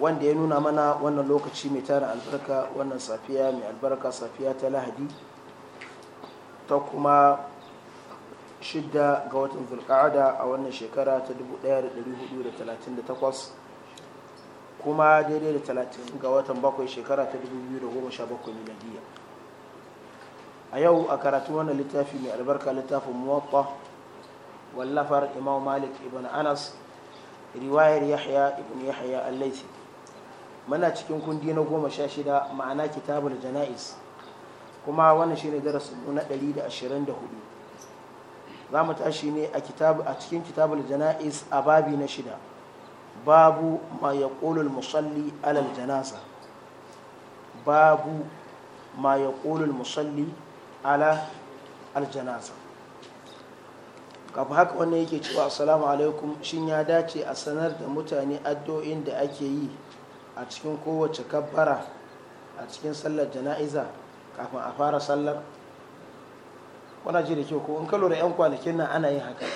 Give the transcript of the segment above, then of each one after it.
wanda ya nuna mana wannan lokaci mai tara albarka wannan safiya mai albarka safiya ta lahadi ta kuma shidda ga watan zulka'ada a wannan shekara ta 1438 kuma daidai da 30 ga watan bakwai shekara ta 2017 miladiya a yau a karatun wannan littafi mai albarka littafin muwaffa wallafar imam malik ibn anas riwayar yahya ibn yahya al-laisi muna cikin kundi na goma sha shida ma'ana kitabul jana'is kuma wannan shi ne darasi na ɗari da ashirin da hudu za mu tashi ne a cikin kitabul jana'is a babi na shida babu ma ya ƙolul musalli alal janasa babu ma ya ƙolul musalli ala kafin haka wannan yake cewa assalamu alaikum shin ya dace a sanar da mutane addu'o'in da ake yi a cikin kowace kabbara a cikin sallar jana'iza kafin a fara sallar wana ji da kyau ko in ka lura 'yan kwanakin nan ana yin haka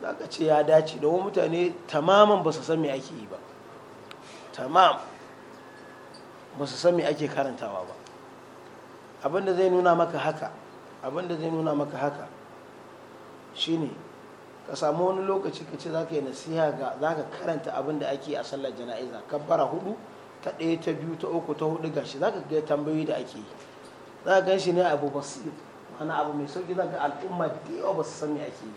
za ka ce ya dace domin mutane tamaman ba su san me ake yi ba tamam ba su san me ake karantawa ba abinda zai nuna maka haka abinda zai nuna maka haka shine ka samu wani lokaci ka ce za ka yi nasiha ga za ka karanta abin da ake a sallar jana'iza bara hudu ta ɗaya ta biyu ta uku ta hudu gashi za ka ga tambayoyi da ake yi za ka gan shi ne abu basit mana abu mai sauki za ka al'umma da yawa ba su san me ake yi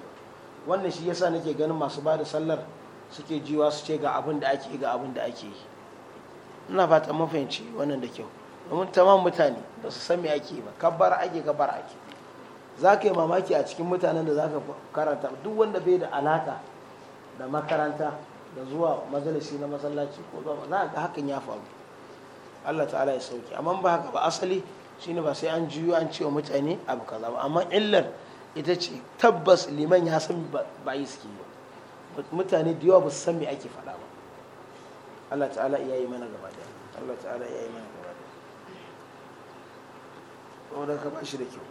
wannan shi yasa nake ganin masu ba da sallar suke jiwa su ce ga abin da ake ga abin da ake yi ina fata mafahimci wannan da kyau domin tamam mutane ba su san me ake yi ba kabbara ake kabbara ake yi. za ka yi mamaki a cikin mutanen da za ka karanta duk wanda bai da alaka da makaranta da zuwa majalisi na masallaci ko zuwa za ga hakan ya faru Allah ta'ala ya sauke amma ba haka ba asali shine ba sai an juyo an wa mutane abu kaza ba amma illar ita ce tabbas liman ya san ba yi suke ba mutane da yawa ba su san me ake faɗa ba Allah ta'ala ya yi mana gaba da Allah ta'ala ya yi mana gaba da saboda ka ba shi da kyau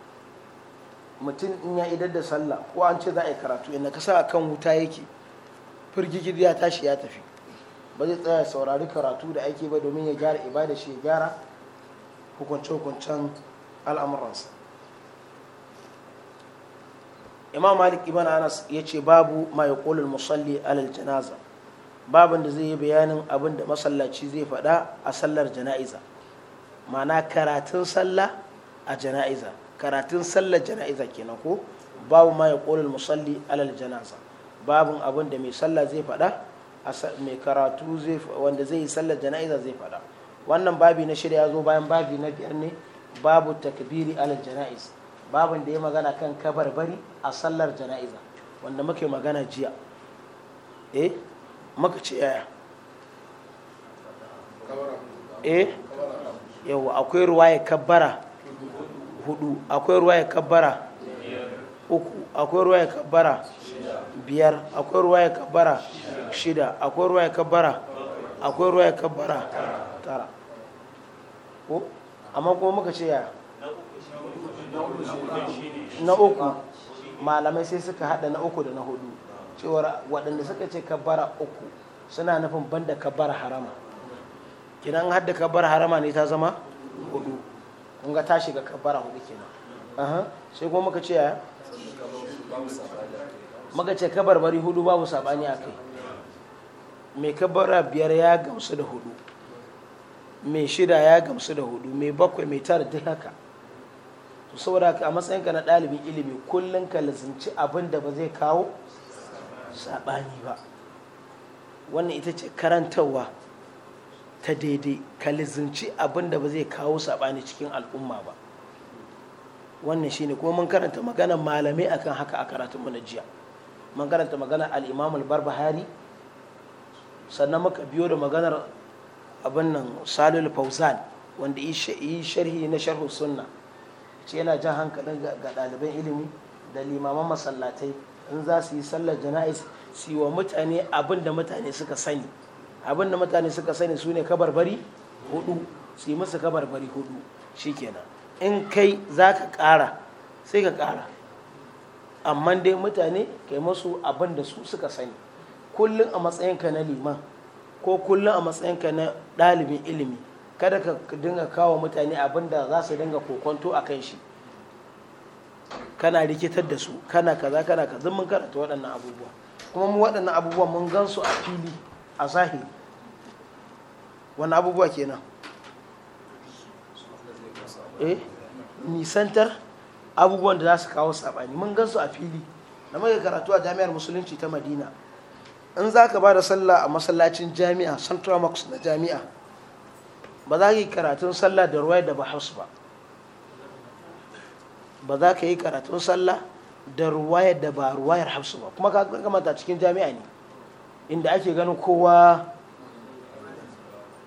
mutum in ya idar da sallah ko an ce za a yi karatu inda ka sa a kan wuta yake firgigir ya tashi ya tafi ba zai tsaya saurari karatu da aiki ba domin ya gyara ibada shi ya gyara hukunce-hukuncen al'amuransa imam malik ibn anas ya ce babu ma ya kolin musalli alal janaza babin da zai yi bayanin abin da masallaci zai faɗa a sallar jana'iza ma'ana karatun sallah a jana'iza karatun sallar jana'iza kenan ko babu ma ya ƙolar musalli alal janaza babun abin da mai sallah zai faɗa mai karatu wanda zai yi sallar jana'iza zai faɗa wannan babi na shirya zo bayan babi na biyar ne babu takbiri alal jana'iz babin da ya magana kan kabarbari a sallar jana'iza wanda muke magana jiya eh muka ce yaya eh, eh? yawa akwai ruwaya kabbara hudu akwai ruwa ya kabbara uku akwai ruwa ya kabbara biyar akwai ruwa ya kabbara shida akwai ruwa ya kabbara akwai ruwa ya kabbara tara ko amma kuma muka ce ya na uku malamai sai suka hada na uku da na hudu cewar waɗanda suka ce kabbara uku suna nufin banda kabbara harama kinan hadda kabbara harama ne ta zama hudu kun ga ta shiga hudu kenan sai kuma muka ce muka ce kabar bari hudu babu sabani a kai mai kabara biyar ya gamsu da hudu mai shida ya gamsu da hudu mai bakwai mai tara duk haka to saboda a matsayinka na ɗalibin ilimi kullum ka lazimci abin da ba zai kawo sabani ba wannan ita ce karantarwa ta daidai ka lizinci abin da ba zai kawo saɓani cikin al'umma ba wannan shine kuma mun karanta magana malamai akan haka a mu na jiya mun karanta magana al-imam al sannan muka biyo da maganar abin nan salul fauzan wanda yi sharhi na sharhu sunna ce yana jan hankalin ga ɗaliban ilimi da limaman masallatai in za su yi sallar jana'is su wa mutane abin da mutane suka sani abin da mutane suka sani su ne kabarbari hudu su yi musu kabarbari hudu shikenan in kai za ka ƙara sai ka kara amma dai mutane ka yi masu abin da su suka sani kullum a matsayinka na liman ko kullum a matsayinka na ɗalibin ilimi kada ka dinga kawo mutane abin da za su dinga kokonto a kan shi kana rikitar da su kana kaza kana kaza mun karanta waɗannan abubuwa kuma mu waɗannan abubuwa mun gan su a fili a zahiri wani abubuwa kenan eh nisantar abubuwan da za su kawo saɓani mun gansu a fili da muka karatu a jami'ar musulunci ta madina in za ka ba da sallah a masallacin jami'a central max na jami'a ba za ka yi karatun sallah da ruwaya da bahaus ba ba za ka yi karatun sallah da ruwaya da ba ruwayar hafsu ba kuma ka kamata cikin jami'a ne inda ake ganin kowa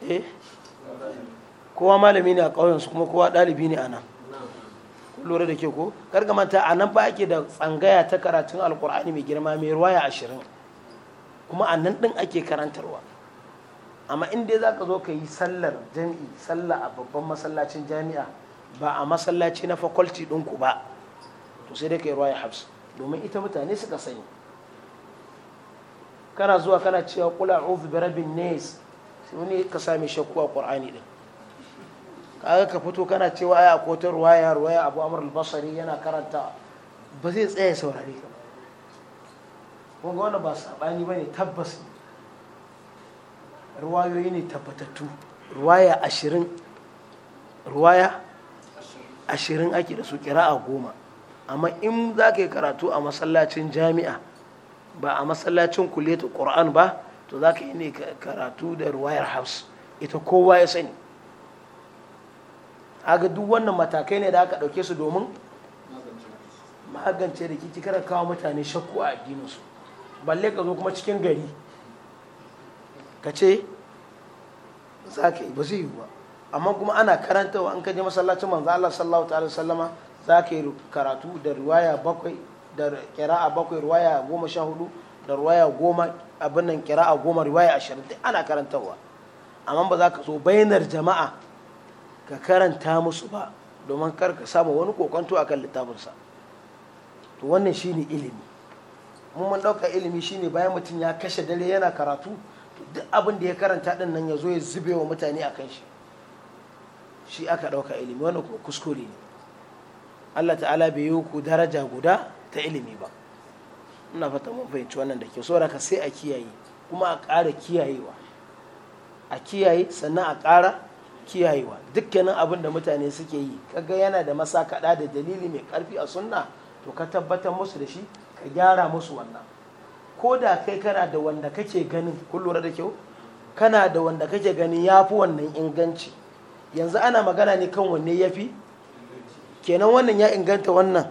eh kowa malami ne a ƙauyensu kuma kowa ɗalibi ne a nan lura da ke ko manta a nan ba ake da tsangaya ta karatun alkur'ani mai girma mai ruwaya ashirin kuma a nan ɗin ake karantarwa amma inda za ka zo ka yi sallar jami'i sallah a babban masallacin jami'a ba a masallaci na fakulti ɗinku ba to sai dai ka yi ruwaya hafsu domin ita mutane suka sani kana zuwa kana cewa kula a bi rabbin nas sai wani ka sami shakku a ƙwar'ani ɗin kaga ka fito kana cewa ai akwai ta ruwaya ruwaya Abu amur al yana karanta ba zai tsaya saurare ka kun ga wannan ba sabani bane tabbas ruwayoyi ne tabbatattu ruwaya ashirin ruwaya ashirin ake da su kira a goma amma in za ka yi karatu a masallacin jami'a ba a masallacin kulletu ƙur'an ba to za ka yi ne karatu da ruwayar haus ita kowa ya sani aga duk wannan matakai ne da aka ɗauke su domin magance rikici kada kawo mutane shakku a addininsu balle ka zo kuma cikin gari ka ce za ka yi ba zai yi ba amma kuma ana karanta wa an kaji masallacin manzo Allah sallallahu ta'ala sallama za ka yi karatu da riwaya bakwai da kira'a bakwai ruwaya goma sha hudu da ruwaya goma abin nan kira'a goma ruwaya ashirin duk ana karantarwa amma ba za ka so bayanar jama'a ka karanta musu ba domin kar ka samu wani kokonto akan littafinsa to wannan shine ilimi mun mun ɗauka ilimi shine bayan mutum ya kashe dare yana karatu duk abin da ya karanta din nan ya zo ya zube wa mutane a kan shi shi aka ɗauka ilimi wannan kuma kuskure ne Allah ta'ala bai yi ku daraja guda ta ilimi ba ina fata mun fahimci wannan da ke soraka sai a kiyaye kuma a ƙara kiyayewa a kiyaye sannan a ƙara kiyayewa dukkanin abin da mutane suke yi kaga yana da masa kaɗa da dalili mai ƙarfi a sunna to ka tabbatar musu da shi ka gyara musu wannan ko da kai kana da wanda kake ganin kun lura da kyau kana da wanda kake ganin ya wannan inganci yanzu ana magana ne kan wanne ya kenan wannan ya inganta wannan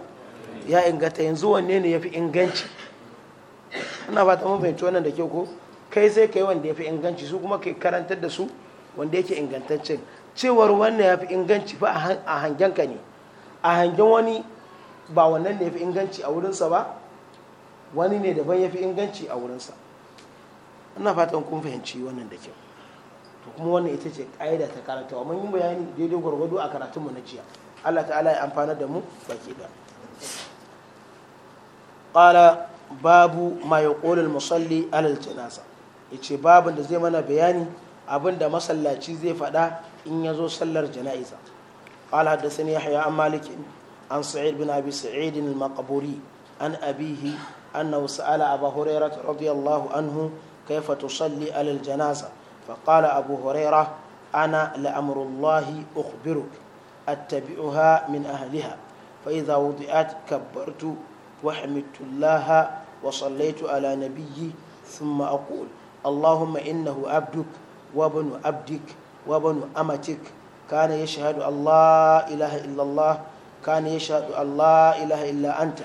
ya inganta yanzu wanne ne ya fi inganci ina ba ta mafahimci wannan da ke ko kai sai kai wanda ya fi inganci su kuma kai karantar da su wanda yake ingantaccen cewar wannan ya fi inganci fa a hangen ka ne a hangen wani ba wannan ne ya fi inganci a wurinsa ba wani ne daban ya fi inganci a wurinsa ina fatan kun fahimci wannan da kyau to kuma wannan ita ce ƙa'ida ta karanta amma yin bayani daidai gwargwado a karatunmu na jiya Allah ta'ala ya amfana da mu baki da kala babu mai kolin musalli alal janaza ya ce babin da zai mana bayani abin da masallaci zai fada in ya zo sallar jana'iza kala haddasan ya haya an malikin an sa'id bin abi sa'idin makaburi an abihi an na wasu ala abu hurera radiyallahu anhu kai fa tusalli alal janaza fa kala abu hurera ana la'amurullahi ukhbiru attabi'uha min ahliha fa iza wudi'at kabbartu وحمدت الله وصليت على نبيي ثم أقول اللهم إنه عبدك وابن عبدك وابن أمتك كان يشهد الله إله إلا الله كان يشهد الله إله إلا أنت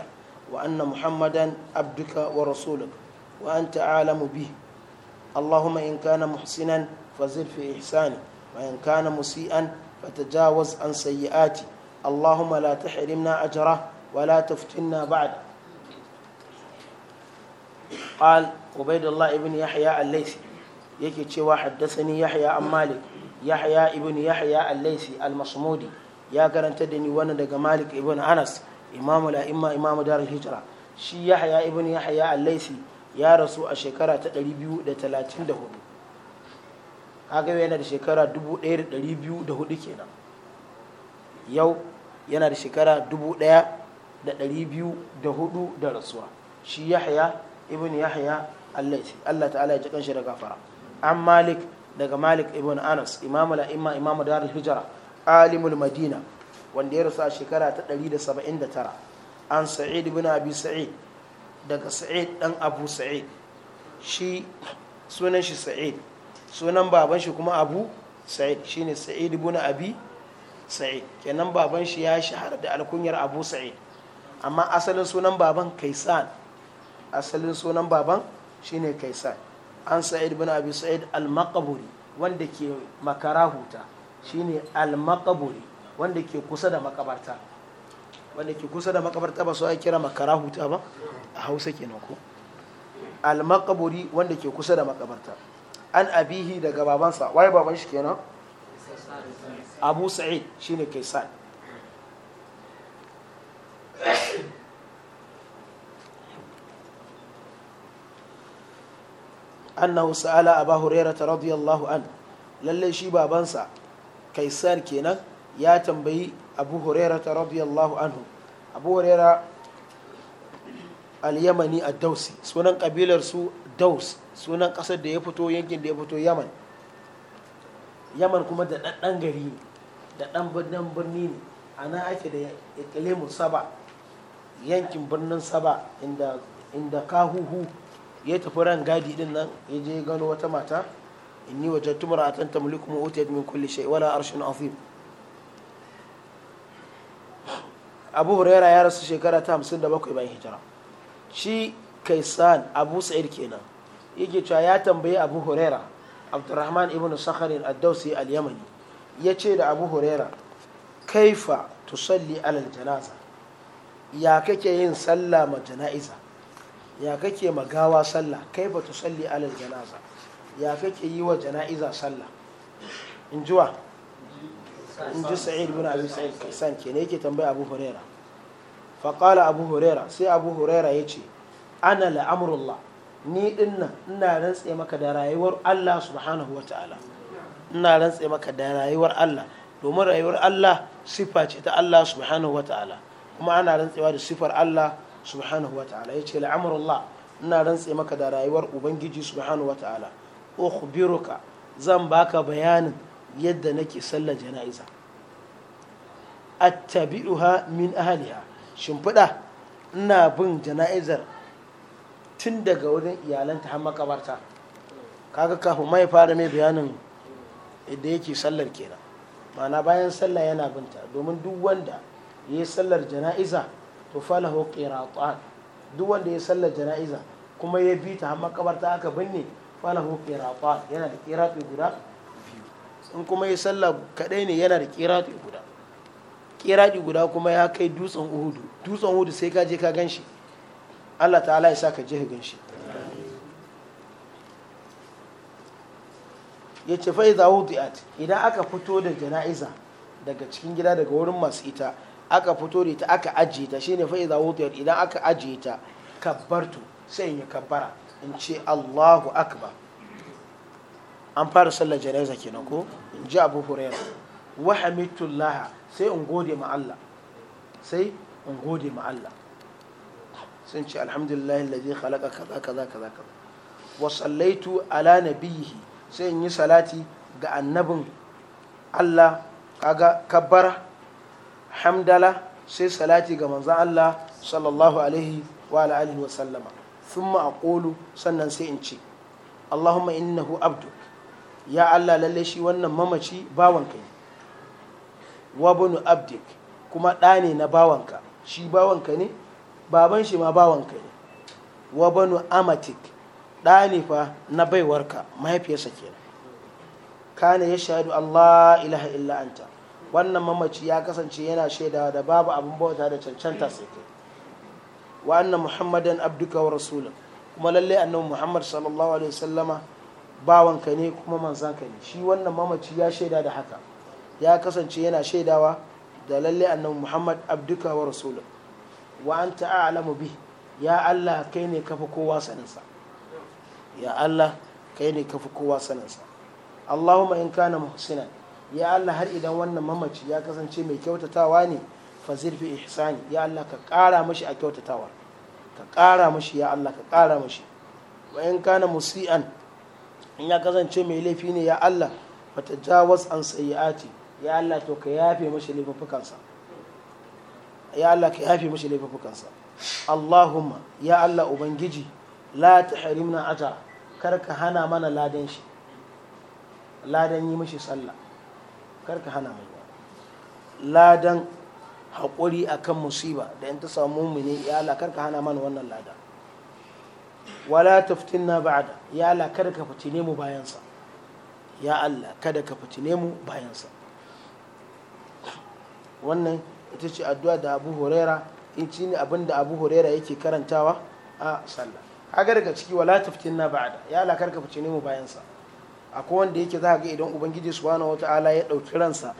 وأن محمدا عبدك ورسولك وأنت أعلم به اللهم إن كان محسنا فزد في إحسانه وإن كان مسيئا فتجاوز عن سيئاتي اللهم لا تحرمنا أجره ولا تفتنا بعده قال عبيد الله ابن يحيى الليثي يكي تشوا حدثني يحيى عن مالك يحيى ابن يحيى الليثي المصمودي يا كرنت دني وانا دغ مالك ابن انس امام لا اما امام دار الهجره شي يحيى ابن يحيى الليثي يا رسول الشكرة تقريبيو 234 دهود haka yana da shekara 1204 kenan yau yana da shekara 1204 da rasuwa shi yahya ibn yahya Allah ta'ala ya ji kanshi da gafara an malik daga malik ibn anas imamu la'imma imamu darul hijra alimul madina wanda ya rasu a shekara ta 179 an sa'id ibn abi sa'id daga sa'id dan abu sa'id shi sunan shi sa'id sunan baban shi kuma abu sa'id shine sa'id ibn abi sa'id kenan baban shi ya shahara da alkunyar abu sa'id amma asalin sunan baban kaisan asalin sunan baban shine kaisar an sa'id bin abi sa'id al-maqburi wanda ke makara huta shine al-maqburi wanda ke kusa da makabarta wanda ke kusa da makabarta ba su ake kira makara huta ba a hausa kenan ko al-maqburi wanda ke kusa da makabarta an abihi daga babansa waye baban shi kenan abu sa'id shine kaisar annahu sa'ala aba hurairata radiyallahu an lalle shi babansa kaisar kenan ya tambayi abu hurairata radiyallahu anhu abu huraira al-yamani a dausi sunan kabilar su daus sunan kasar da ya fito yankin da ya fito yaman yaman kuma da ɗanɗan gari ne da ɗan birnin birni ne a nan ake da ikilimin saba yankin birnin saba inda kahuhu ya tafi ran gadi din nan ya je gano wata mata inni tumura a tamliku mu utiyat min kulli shay wala arshun azim Abu Huraira ya rasu shekara ta bakwai bayan hijira shi Kaisan Abu Sa'id kenan yake cewa ya tambayi Abu Huraira Abdurrahman ibn Sakharin ad-Dawsi al-Yamani yace da Abu Huraira kaifa tusalli alal janaza ya kake yin sallah ma jana'iza ya kake magawa sallah kai ba tu salli alal janaza ya kake yi wa jana'iza sallah in in ji sa'id bin abi sa'id kaisan ke ne yake tambaya abu huraira faƙala abu huraira sai abu huraira ya ce ana la'amurullah ni dinnan ina rantse maka da rayuwar allah subhanahu wa ta'ala ina rantse maka da rayuwar allah domin rayuwar allah sifa ce ta allah subhanahu wa ta'ala kuma ana rantsewa da sifar allah subhanahu wa ta'ala ya ce la'amurullah ina rantse maka da rayuwar ubangiji subhanahu wa ta'ala ukhbiruka zan baka bayanin yadda nake sallar jana'iza attabi'uha min ahliha shimfiɗa ina bin jana'izar tun daga wurin iyalanta har makabarta kaga kafin mai fara mai bayanin da yake sallar kenan ma'ana bayan sallah yana binta domin duk wanda ya yi sallar jana'iza to falahu qiratan duk wanda ya salla jana'iza kuma ya bi ta har makabarta aka binne falahu qiratan yana da qiratu guda in kuma ya sallar kadai ne yana da qiratu guda qiratu guda kuma ya kai dutsen uhudu dutsen uhudu sai ka je ka ganshi Allah ta'ala ya sa ka je ka ganshi ya ce fa idan aka fito da jana'iza daga cikin gida daga wurin masu ita aka fito da ita aka ajiye ta shine fa idza wudiyat idan aka ajiye ta kabbartu sai in yi kabbara in ce Allahu akbar an fara sallar janaza kenan ko in ji Abu Hurairah wa hamidullah sai in gode ma Allah sai in gode ma Allah sun ce alhamdulillah alladhi khalaqa kaza kaza kaza kaza wa sallaitu ala nabiyhi sai in yi salati ga annabin Allah kaga kabbara hamdala sai salati ga manzan Allah sallallahu alaihi wa alihi wa sallama sun ma'akolu sannan sai in ce Allahumma innahu abdu ya Allah lalle shi wannan mamaci bawanka ne wa bunu abdik kuma ɗa ne na bawanka shi bawanka ne baban shi ma bawanka ne wa banu amatik ɗa ne fa na baiwarka mahaifiyarsa kenan kana ya shaidu Allah ilaha illa anta wannan mamaci ya kasance yana shaidawa da babu abin bauta da cancanta sai kai wa annan muhammadan abduka wa rasulun kuma lalle annan muhammad sallallahu alaihi wasallama bawanka ne kuma manzanka ne shi wannan mamaci ya shaida da haka ya kasance yana shaidawa da lalle annan muhammad abduka wa rasulun wa anta a'lamu bi ya allah kai ne kafa kowa saninsa ya allah kai ne kafa kowa saninsa allahumma in kana muhsinan ya Allah har idan wannan mamaci ya kasance mai kyautatawa ne fazir fi ihsani ya Allah ka ƙara mashi a kyautatawa ka ƙara mashi ya Allah ka ƙara mashi wa in kana musi'an in ya kasance mai laifi ne ya Allah ta jawas an sayyiati ya Allah to ka yafe mashi laifukansa ya Allah ka yafe mashi laifukansa Allahumma ya Allah ubangiji la tahrimna ajra kar ka hana mana ladan shi ladan yi mashi sallah karka hana mai ladan haƙuri akan musiba da in ta samu mu ya Allah ka hana mana wannan lada wala ba da ya Allah ka fitine mu bayansa ya Allah kada ka fitine mu bayansa wannan ita ce addu'a da Abu Huraira in ci ne abin da Abu Huraira yake karantawa a sallah haka daga ciki wala ba da ya Allah ka fitine mu bayansa akwai wanda yake za ga idan ubangiji subhanahu ala ya ɗauki ransa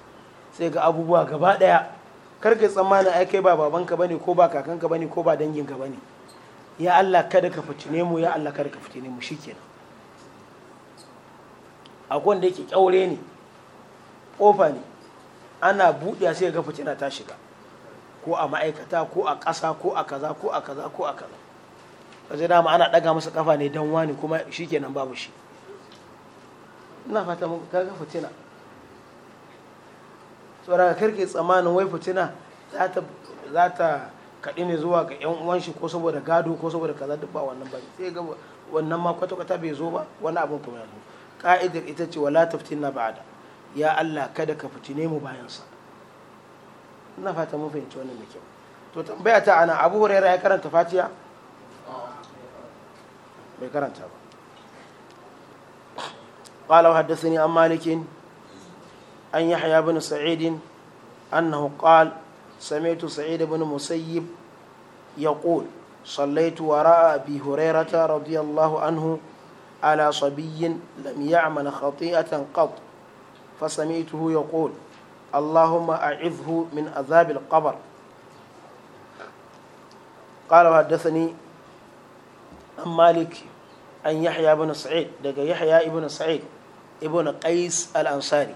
sai ga abubuwa gaba ɗaya kar ka tsammanin ai kai ba babanka bane ko ba kakanka bane ko ba danginka bane ya Allah kada ka fitine mu ya Allah kada ka fitine mu shikenan akwai wanda yake kyaure ne kofa ne ana buɗe sai ga fitina ta shiga ko a ma'aikata ko a ƙasa ko a kaza ko a kaza ko a kaza kaje dama ana ɗaga masa kafa ne dan wani kuma shikenan babu shi ina fata muku kaga fitina tsoraka karke tsamanin wai fitina za ta kaɗi ne zuwa ga yan uwan shi ko saboda gado ko saboda kaza duk ba wannan ba sai ga wannan ma kwata kwata bai zo ba wani abun kuma yanzu ka'idar ita ce wala taftina ba'ada ya Allah kada ka fitine mu bayan sa ina fata mun fahimci wannan da kyau to tambaya ta ana Abu Hurairah ya karanta Fatiha bai karanta ba قال وحدثني عن مالك أن يحيى بن سعيد أنه قال سمعت سعيد بن مسيب يقول صليت وراء أبي هريرة رضي الله عنه على صبي لم يعمل خطيئة قط فسمعته يقول اللهم أعذه من عذاب القبر قال وحدثني عن مالك أن يحيى بن سعيد دقى يحيى بن سعيد ibn qais al-ansari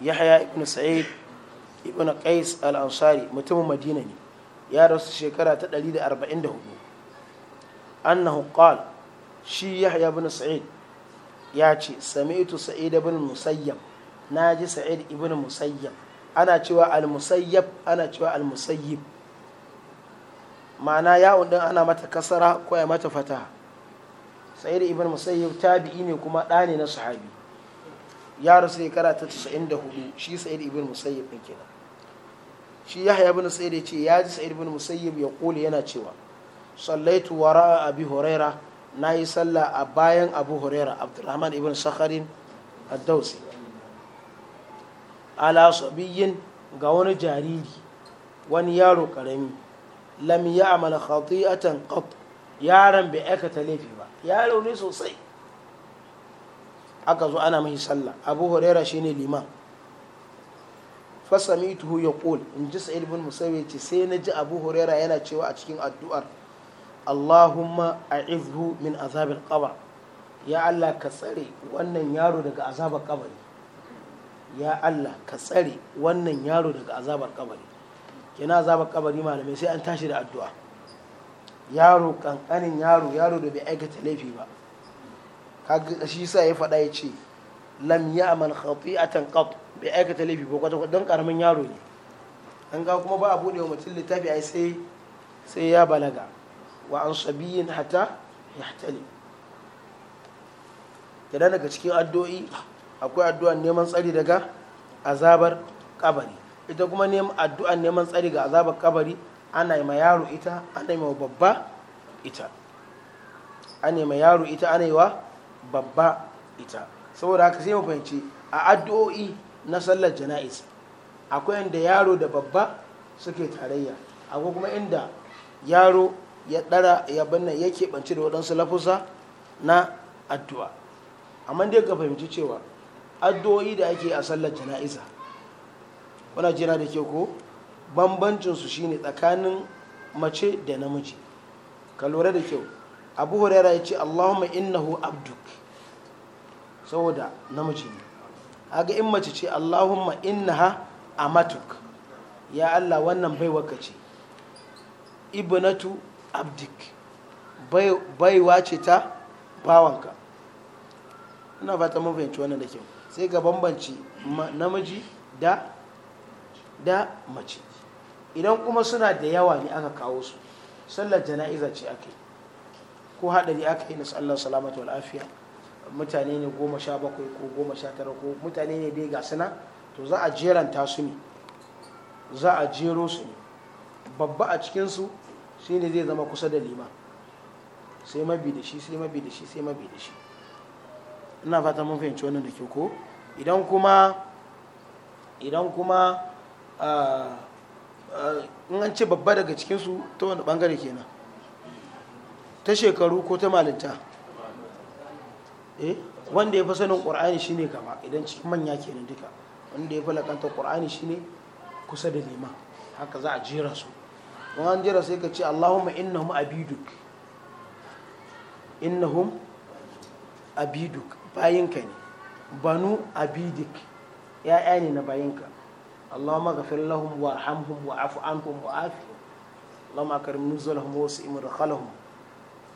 yahya ibn sa'id ibn qais al-ansari mutumin madina ne ya rasu shekara ta 144 annahu qala shi yahya ibn sa'id ya ce sami'tu sa'id ibn musayyab naji sa'id ibn musayyab ana cewa al-musayyab ana cewa al-musayyib ma'ana yawon din ana mata kasara ko ya mata fataha sa'id ibn musayyib tabi'i ne kuma ɗa ne na sahabi ya rasu shekara ta 94 shi sa'id ibn musayyib din kenan shi yahya ibn sa'id ya ce ya ji sa'id ibn musayyib ya kula yana cewa sallaitu wara abi huraira na yi sallah a bayan abu huraira abdurrahman ibn sakharin ad-dawsi ala sabiyyin ga wani jariri wani yaro karami lam ya'mal khati'atan qat yaron bai aikata laifi ba yaro ne sosai aka zo ana mahi sallah abu huraira shine liman tuhu ya ƙul in ji sa'id ilimin musayyib ce sai na ji abu huraira yana cewa a cikin addu'ar allahumma a'izhu min azabin qabr ya allah ka tsare wannan yaro daga azabar kabari ya allah ka tsare wannan yaro daga azabar kabari kina azabar kabari malamai sai an tashi da addu'a yaro kankanin yaro yaro da bai aikata laifi ba shi sa ya faɗa ya ce lam ya'mal a tankaf bai aikata laifi ba kwata don karamin yaro ne an ga kuma ba a bude wa mutum littafi ai sai sai ya balaga wa an sabiyin hata ya yahtali kenan daga cikin addu'o'i akwai addu'an neman tsari daga azabar kabari ita kuma neman addu'an neman tsari ga azabar kabari ana yi ma yaro ita ana yi ma babba ita ana yi ma yaro ita ana yi wa babba ita saboda haka sai mu fahimci a addu'o'i na sallar jana'iz akwai inda yaro da babba suke tarayya akwai kuma inda yaro ya ɗara ya banna ya keɓance da waɗansu lafusa na addu'a amma dai ka fahimci cewa addu'o'i da ake a sallar jana'iza wana jira da ke ko bambancinsu shine tsakanin mace da namiji ka lura da kyau abu huraira ya ce allahumma innahu abduk saboda namiji ne ga in mace ce allahumma innaha amatuk ya allah wannan baiwarka ce ibnatu abdik baiwa ce ta bawanka ina fata mun fahimci wannan da kyau sai ga bambanci namiji da da mace idan kuma suna da yawa ne aka kawo su sallar jana'iza ce ake yi ko haɗari aka yi na Allah salamatu wal mutane ne goma sha bakwai ko goma sha tara ko mutane ne dai ga suna to za a jeranta su ne za a jero su ne babba a cikinsu shi ne zai zama kusa da liman sai mabi da shi sai mabi da shi sai mabi da shi ina fata mun fahimci wannan da ke ko idan kuma idan kuma ah, ah, in an ce babba daga cikinsu ta wani bangare kenan ta shekaru ko ta malinta eh wanda ya fi sanin shi shine gaba idan cikin manya kenan duka wanda ya fi lakanta shi shine kusa da nema haka za a jera su wani jera sai ka ce allahumma innahum abiduk innahum abiduk bayinka ne banu abiduk ya'ya ne na bayinka allahumma wa lahum wa wa'fu wa wa'afi allahumma karim nuzulahum wasu imar imrakhalahum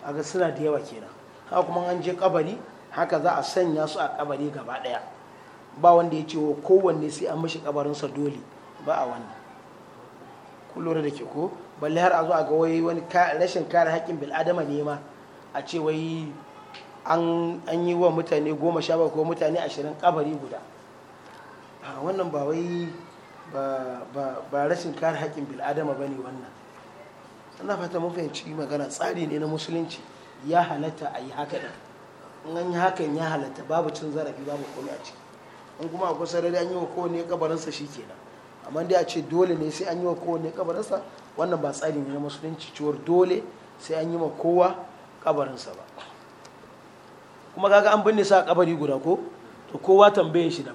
aga suna da yawa kenan haka kuma an je kabari haka za a sanya su a kabari gaba daya ba wanda ya ce wa kowanne sai an mashi kabarinsa dole ba a wannan ku da ke ko balle har a zo a ga wai wani rashin kare haƙƙin bil'adama ne ma a ce wai an yi wa mutane goma sha ko mutane ashirin kabari guda wannan ba wai ba rashin kare haƙƙin bil'adama ba ne wannan ana fata mafi fahimci magana tsari ne na musulunci ya halatta a yi haka din in yi hakan ya halatta babu cin zarafi babu komai a ciki in kuma a kusa sarari an yi wa kowane kabarinsa shi kenan amma dai a ce dole ne sai an yi wa kowane kabarinsa wannan ba tsari ne na musulunci cewar dole sai an yi wa kowa kabarinsa ba kuma kaga an binne sa kabari guda ko to kowa tambaye shi da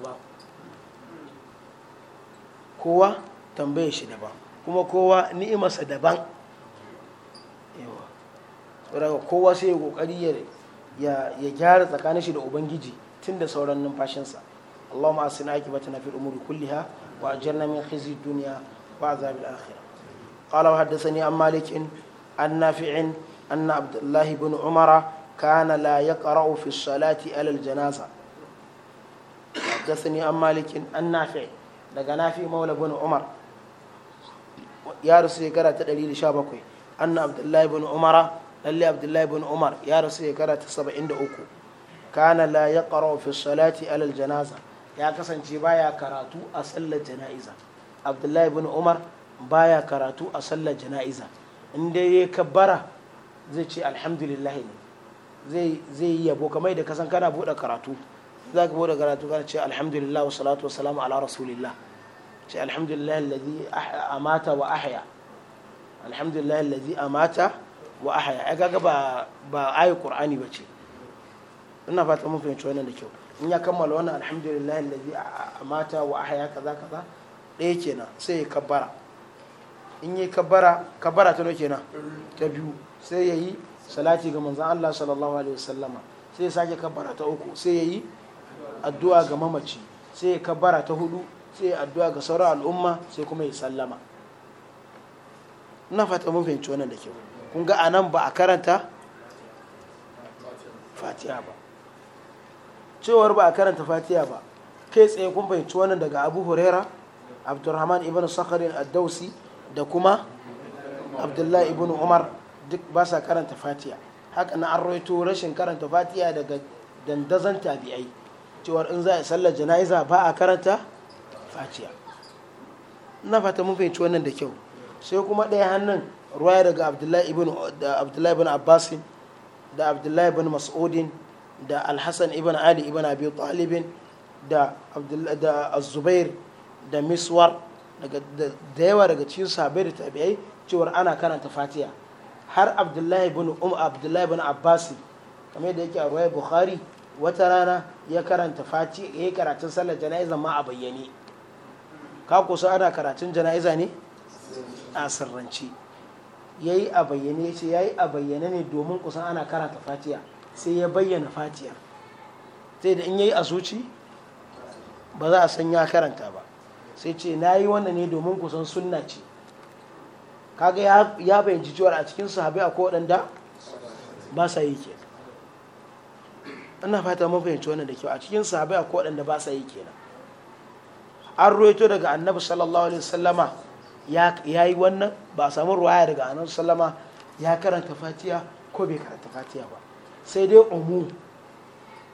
kowa tambaye shi daban kuma kowa ni'imarsa daban saboda kowa sai ya kokari ya gyara tsakanin shi da ubangiji tun da sauran numfashinsa Allahumma asina aqibatana fil umuri ha wa ajirna min khizyi duniya ba a zabi akhirah kala wa ne an malikin an an na Abdullahi bin umara kana la yaqra'u fi salati alal janasa haddasa ne an malikin an nafi' daga nafi maula bin umar ya rusu gara ta 117 na Abdullahi bin umara lalle abdullahi bin umar ya rasu shekara ta uku. kana la ya ƙara fi salati alal janaza ya kasance baya karatu a sallar jana'iza abdullahi bin umar baya karatu a sallar jana'iza inda ya kabbara zai ce alhamdulillah. ne zai yi yabo kamar da kasan kana buɗe karatu za ka buɗe karatu kana ce alhamdulillah wa salatu wa salamu ala rasulillah ce alhamdulillah alladhi ah, amata wa ahya alhamdulillah alladhi amata wa ahaya ai kaga ba ba ayi qur'ani bace ina fata mun fahimci wannan da kyau in ya kammala wannan alhamdulillah allazi amata wa ahaya kaza kaza ɗaya kenan sai ya kabbara in yi kabbara kabbara ta nawa na ta biyu sai ya yi salati ga manzon Allah sallallahu alaihi wasallama sai ya sake kabbara ta uku sai ya yi addu'a ga mamaci sai ya kabbara ta hudu sai ya addu'a ga sauran al'umma sai kuma ya sallama ina fata mun fahimci wannan da kyau kun ga anan ba a karanta fatiha ba cewar ba a karanta fatiya ba kai tsaye kun fahimci wannan daga abu hurera abdurrahman ibn sakharin addausi da kuma abdullahi ibn umar duk ba sa karanta fatiha haka na an roito rashin karanta fatiya daga dandazon tabi'ai cewar in za a sallar jana'iza ba a karanta fatiha na fata mun fahimci wannan da kyau sai kuma ɗaya hannun ruwaya daga abdullahi ibn abbas da abdullahi ibn mas'udin da alhassan ibn ali ibn abi talibin da da zubair da miswar da yawa daga cikin sabai da tabi'ai cewar ana karanta Fatiya. har abdullahi ibn um abdullahi ibn abbas kamar da yake a ruwaya bukhari wata rana ya karanta fati ya yi karatun sallar jana'iza ma a bayyane ka kusa ana karatun jana'iza ne a sirrance ya yi a bayyane ce ya yi a bayyane ne domin kusan ana karanta fatiya sai ya bayyana fatiya sai da in ya yi a zuci ba za a san ya karanta ba sai ce na yi wannan ne domin kusan sunna ce kaga ya bayyanci cewar a cikin sahabi a waɗanda ba sa yi ke ana fata mun fahimci wannan da kyau a cikin sahabai a waɗanda ba sa yi kenan an ruwaito daga annabi sallallahu alaihi wasallama ya yi wannan ba a samu ruwaya daga annabi sallama ya karanta fatiya ko bai karanta fatiya ba sai dai umu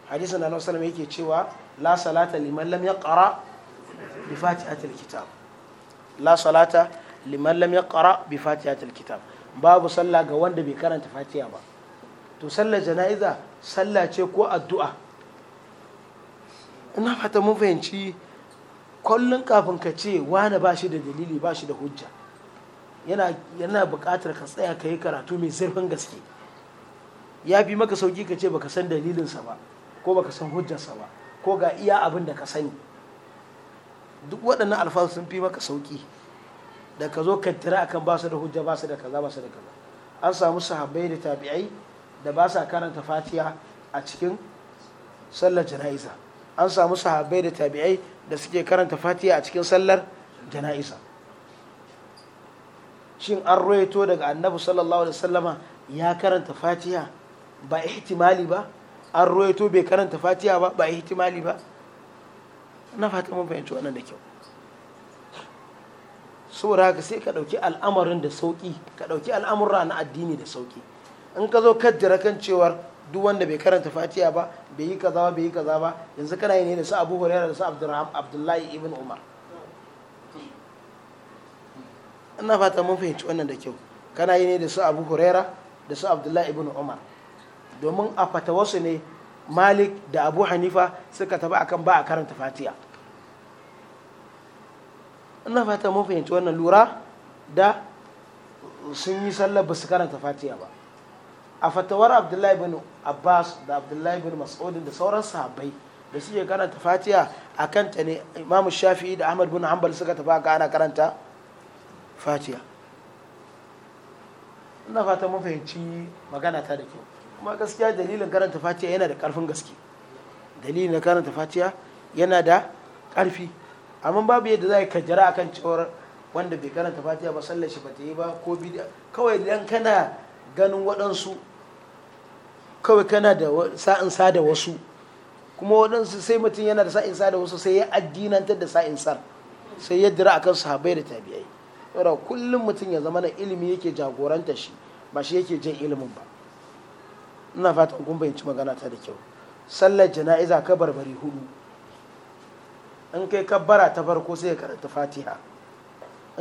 hadisin da annabi sallama yake cewa la salata liman lam yaqra bi fatihatil kitab la salata liman lam yaqra bi fatihatil kitab babu salla ga wanda bai karanta fatiya ba to sallar jana'iza salla ce ko addu'a ina fata mun fahimci kullum kafin ka ce wane ba shi da dalili ba shi da hujja yana buƙatar ka tsaya ka yi karatu mai zurfin gaske ya fi maka sauki ka ce baka san dalilinsa ba ko baka san hujjarsa ba ko ga iya abin da ka sani duk waɗannan alfasu sun fi maka sauki da ka zo ka tira akan ba su da hujja ba su da kaza ba su da kaza an samu sahabbai da tabi'ai da ba sa karanta fatiha a cikin sallar jana'iza an samu sahabbai da tabi'ai da suke karanta fatiha a cikin sallar jana'isa shin an roito daga annabi sallallahu alaihi wasallama ya karanta fatiha ba ihtimali ba an roito bai karanta fatiha ba ba ihtimali ba na fata mun fahimci wannan da kyau saboda haka sai ka ɗauki al'amarin da sauƙi ka ɗauki al'amurra na addini da sauƙi in ka zo kaddara kan cewar duk wanda bai karanta fatiha ba bai yi kaza bai yi kaza ba yanzu kana yi ne da su abu hurairah da su abdullahi ibn umar ina fata mun fahimci wannan da kyau kana yi ne da su abu hurairah da su abdullahi ibn umar domin a wasu ne malik da abu hanifa suka taba akan ba a karanta fatiha ina fata mun fahimci wannan lura da sun yi sallar ba su karanta fatiha ba a fatawar abdullahi bin abbas da abdullahi bin mas'udin da sauran sahabbai da suke karanta fatiha a kanta ne imamu shafi'i da ahmad bin hanbal suka tafi aka ana karanta fatiha ina fata mun fahimci magana ta da kyau kuma gaskiya dalilin karanta fatiha yana da karfin gaske dalilin karanta fatiha yana da karfi amma babu yadda za ka a akan cewar wanda bai karanta Fatiya ba sallar shi ba ta yi ba ko bidiyar kawai dan kana ganin waɗansu kawai kana da sa'in sa da wasu kuma waɗansu sai mutum yana da sa'in sa da wasu sai ya addinantar da sa'in sar sai ya dira akan sahabbai da tabi'ai yara kullum mutum ya zama na ilimi yake jagoranta shi ba shi yake jin ilimin ba ina fatan kun bayyanci magana ta da kyau sallar jana'iza ka barbari hudu in kai kabbara ta farko sai ka karanta fatiha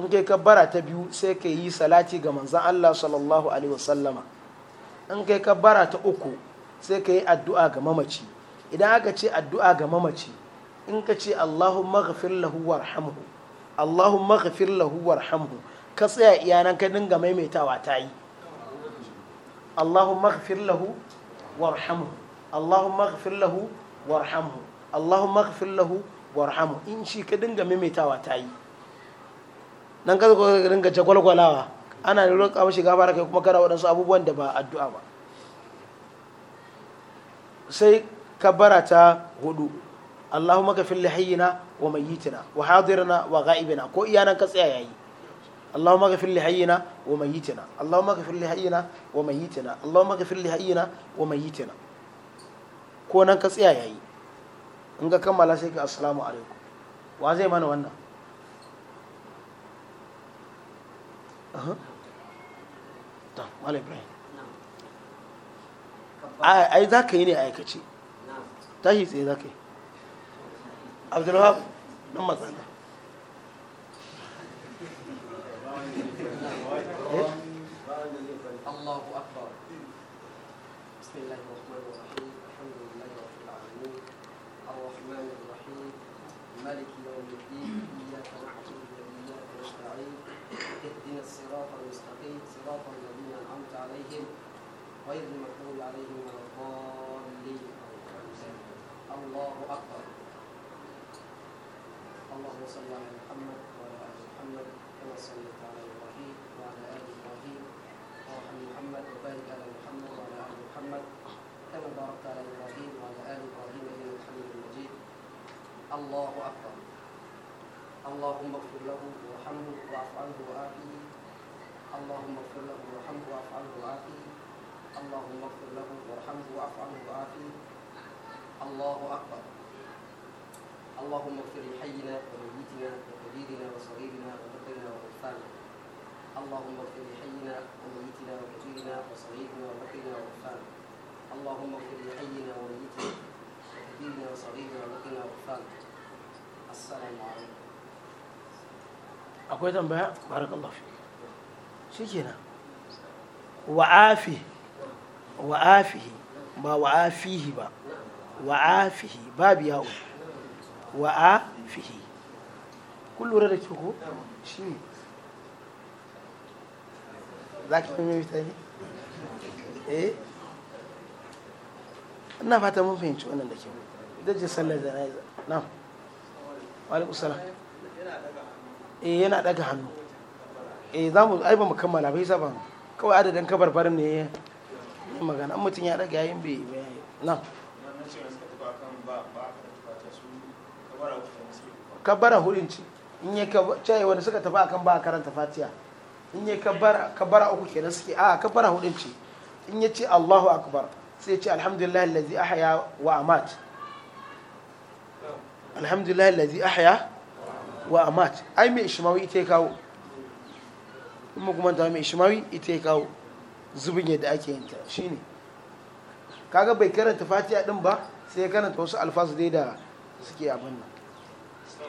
in kai kabbara ta biyu sai ka yi salati ga manzon Allah sallallahu alaihi wasallama in kai kabbara ta uku sai ka yi addu'a ga mamaci idan aka ce addu'a ga mamaci in ka ce allahun maghafin lahu warhamhu lahu warhamhu ka tsaya iyanan ka dinga maimaitawa ta yi allahun maghafin lahu warhamhu in shi ka dinga maimaitawa ta yi nan ka dinga jagwalgwalawa ana roƙa mashi gafara kai kuma kana waɗansu abubuwan da ba addu'a ba sai ka bara ta hudu Allahumma kafir lihayyina wa mayyitina wa hadirina wa ga'ibina ko iyanan ka tsaya yayi اللهم اغفر لحينا وميتنا اللهم اغفر لحينا وميتنا اللهم اغفر لحينا وميتنا كونان ka tsaya yayi in ga kammala sai ka assalamu alaikum wa zai mana wannan wala ibrahim ai za ka yi ne a aikace tashi tsaye za ka yi nan matsala Allahu akbar صليت على إبراهيم وعلى آل إبراهيم وارحم محمد وبارك على محمد وعلى آل محمد كما باركت على إبراهيم وعلى آل إبراهيم إنك حميد مجيد الله أكبر اللهم اغفر له وارحمه واعف عنه وعافيه اللهم اغفر له وارحمه واعف عنه وعافيه اللهم اغفر له وارحمه واعف عنه وعافيه الله أكبر اللهم اغفر لحينا وميتنا وكبيرنا وصغيرنا وذكرنا وأطفالنا اللهم اغفر لحينا وميتنا وكبيرنا وصغيرنا وذكرنا وأطفالنا اللهم اغفر لحينا وميتنا وكبيرنا وصغيرنا وذكرنا وأطفالنا السلام عليكم أقول akwai tambaya barakallahu fi shi وعافي وعافي ما وعافيه wa'afihi وعافيه باب يا أولي wa a fihi kun lura da ke ku shi ne za ki fi yi ta ne eh ina fata mun fahimci wannan da ke idan je sallar da na yi na walaikun salam eh yana daga hannu eh za mu aiba ba mu kammala bai saba kawai adadin kabar farin ne ya magana an mutum ya daga yayin bai yi na ka bara ce in ya ce wanda suka tafi akan ba a karanta fatiha in ya bara uku kenan suke a ka bara ce in ya ce Allahu akbar sai ce alhamdulillah allazi ahya wa amat alhamdulillah allazi ahya wa amat ai mai ishmawi ita ya kawo in mu kuma ta mai ishmawi ita ya kawo zubin yadda ake yin ta shine kaga bai karanta fatiha din ba sai ya karanta wasu alfasu dai da suke abin nan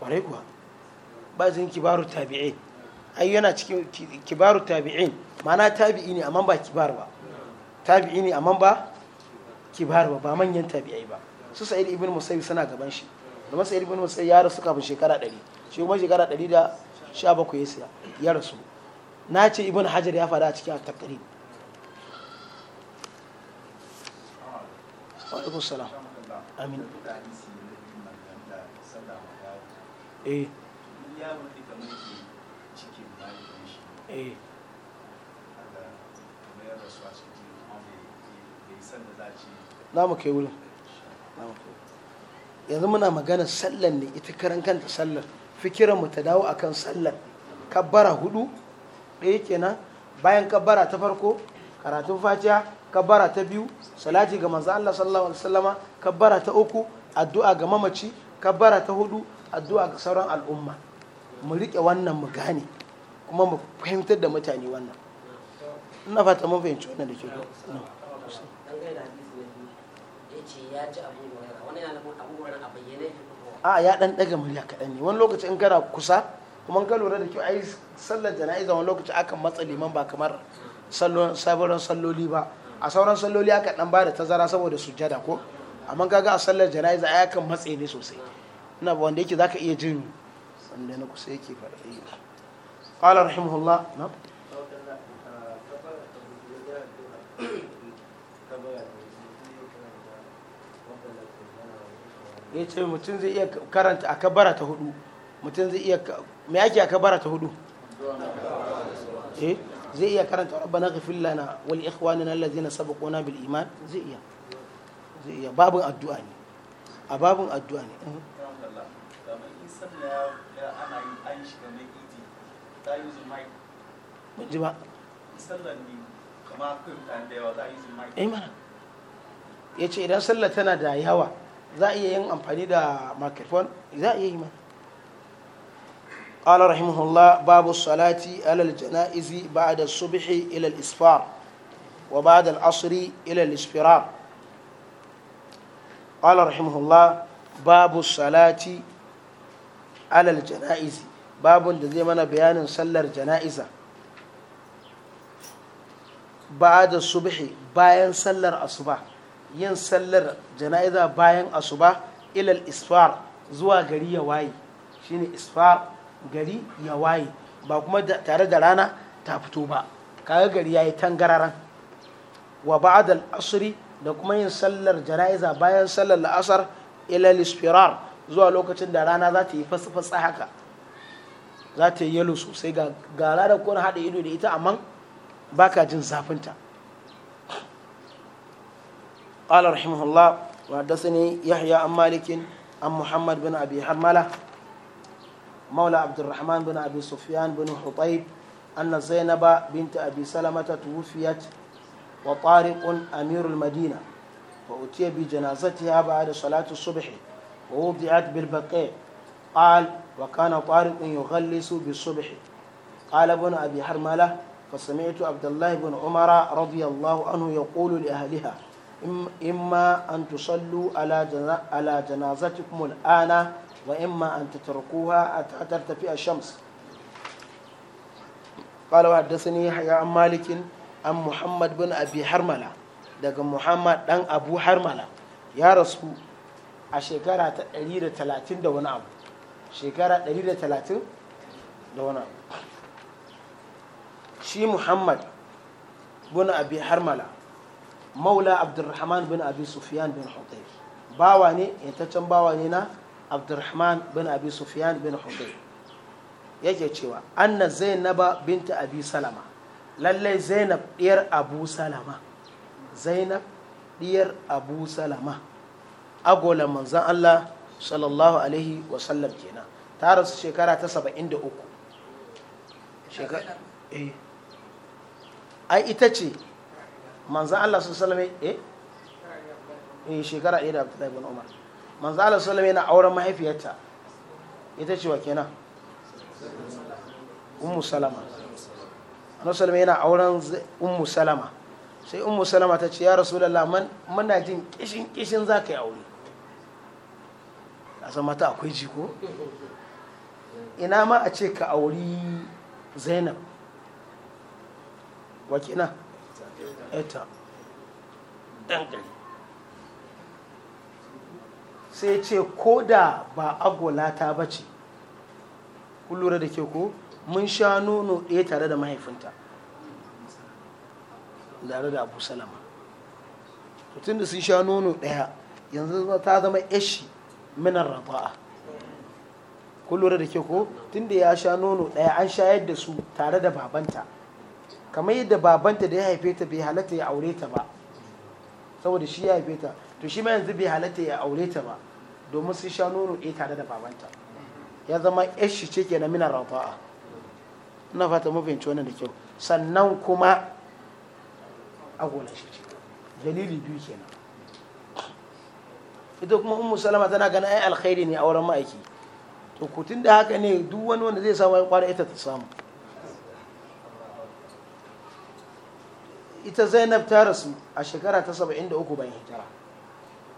kwarai kuwa ba zan kibaru tabi'in ai yana cikin kibaru tabi'in ma'ana tabi'i ne amma ba kibar ba tabi'i ne amma ba kibar ba ba manyan tabi'ai ba su sa'id ibn musayyib suna gaban shi domin sa'id ibn musayyib ya rasu kafin shekara 100 shi kuma shekara 117 ya siya ya rasu na ce ibn hajar ya faɗa a cikin at wa alaikum salam amin Eh. Eh. yanzu muna magana sallar ne ita karan kanta sallar fikiran mu ta dawo akan sallar kabbara hudu ɗaya kenan bayan kabbara ta farko karatun fatiha kabbara ta biyu salati ga manzo Allah sallallahu alaihi wasallama kabbara ta uku addu'a ga mamaci kabbara ta hudu addu'a ga sauran al'umma mu riƙe wannan mu gane kuma mu fahimtar da mutane wannan ina fata mun fahimci wannan da ke ko a ya dan daga murya kaɗan ne wani lokaci in kana kusa kuma ka lura da kyau ai sallar jana'iza wani lokaci akan matsa liman ba kamar sauran salloli ba a sauran salloli aka dan ba da tazara saboda sujjada ko amma kaga a sallar jana'iza ai akan matse ne sosai ina ba wanda yake zaka iya jin wanda na kusa yake faɗa yi qala rahimahullah na ya ce mutum zai iya karanta a kabara ta hudu mutum zai iya mai ake a kabara ta hudu eh, zai iya karanta na ghafir lana wal na allazina sabaquna bil iman zai iya zai iya babin addu'a ne a babin addu'a ne yace ban ji ba da yawa za a ya ce idan sallah tana da yawa za a iya yin amfani da microphone za a iya yi mana قال رحمه الله باب الصلاة على الجنائز بعد الصبح إلى الإسفار وبعد العصر إلى الإسفرار قال رحمه الله باب الصلاة alal jana'izi babun da zai mana bayanin sallar jana'iza ba da subhi bayan sallar asuba yin sallar jana'iza bayan asuba ilal isfar zuwa gari ya waye shine isfar gari ya waye ba kuma tare da rana ta fito ba kaga gari yayi tangararan wa ba'da al-asri da kuma yin sallar jana'iza bayan sallar la'asar ilal isfirar zuwa lokacin da rana zata yi fasa-fasa haka Zata yi yalo sosai ga gara da kuna haɗa ido da ita amma baka jin zafinta ƙala rahimahullah wa dasa ne yahya an malikin an muhammad bin abi harmala maula abdurrahman bin abi sufyan bin hutaib an na zainaba binta abi salamata tuwufiyat wa tariƙun amirul madina wa utiya bi janazatiya ba da salatu subhi ووضعت بالبقيع قال وكان طارق يغلس بالصبح قال ابن أبي حرملة فسمعت عبد الله بن عمر رضي الله عنه يقول لأهلها إما أن تصلوا على على جنازتكم الآن وإما أن تتركوها حتى ترتفع الشمس قال وحدثني يحيى عن مالك عن محمد بن أبي حرملة دق محمد بن أبو حرملة يا رسول a shekara ta 130 da wani abu shekara 130 da wani abu shi muhammad bin abi harmala maula abdurrahman bin abi sufyan bin hudayr bawa ne yantaccen bawa ne na abdurrahman bin abi sufyan bin hudayr yake cewa anna zainaba binta abi salama lallai zainab ɗiyar abu salama zainab ɗiyar abu salama agolan manzan Allah sallallahu alaihi wasallam kenan ta rasu shekara ta 73 eh. ai ita ce manzan Allah sallallahu alaihi eh eh shekara ɗaya da Abu Abdullahi bin Umar manzan Allah sallallahu alaihi na auren mahaifiyarta ita ce wa kenan ummu salama annabi salama yana auren ummu salama sai ummu salama ta ce ya rasulullah man muna jin kishin kishin za ka yi aure a zama ta akwai jiko ina ma a ce ka auri zainab wakina eta ɗanƙari sai ce ko da ba agolata ba ce kun lura da ke ko mun sha nono ɗaya tare da mahaifinta tare da abu salama tun da sun sha nono ɗaya yanzu ta zama yashi minar rafa'a a lura da ke ko tunda ya sha nono ɗaya an shayar da su tare da babanta kamar yadda babanta da ya haife ta bai halatta ya aure ta ba saboda shi ya haife ta to shi ma yanzu bai halatta ya aure ta ba domin sun sha nono ɗaya tare da babanta ya zama yashi ce ke na minar rafa'a ina fata mu fahimci wannan da kyau sannan kuma a gona shi ce dalili biyu kenan ita kuma ummu salama tana ganin ai alkhairi ne a wurin ma'aiki to ku da haka ne duk wani wanda zai samu kwara ita ta samu ita zainab ta rasu a shekara ta 73 bayan hijira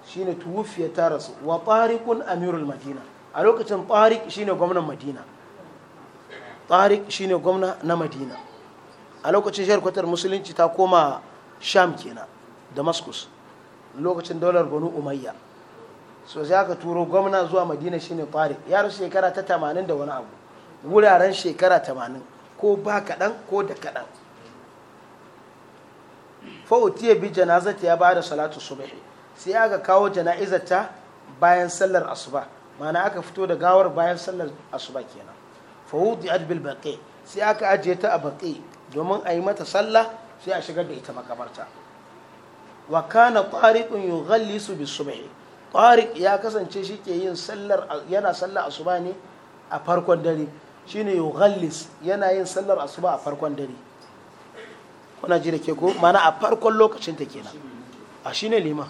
shine tuwufiya ta rasu wa tariqun amirul madina a lokacin tariq shine gwamnan madina tariq shine gwamna na madina a lokacin sharkwatar musulunci ta koma sham kenan damascus lokacin daular banu umayya so za ka turo gwamna zuwa madina shine tariq ya rasu shekara ta tamanin da wani abu wuraren shekara tamanin ko ba kaɗan ko da kaɗan fa'utiya bi janazata ya ba da salatu subhi sai aka kawo ta bayan sallar asuba Mana aka fito da gawar bayan sallar asuba kenan fawudi bil baqi sai aka ajiye ta a baqi domin a yi mata sallah sai a shigar da ita makabarta wa kana tariqun yughallisu bis subhi tariq ya kasance shi ke yin sallar yana sallar asuba ne a farkon dare shine yughallis yana yin sallar asuba a farkon dare kuna ji da ke ko mana a farkon lokacin ta kenan a shine liman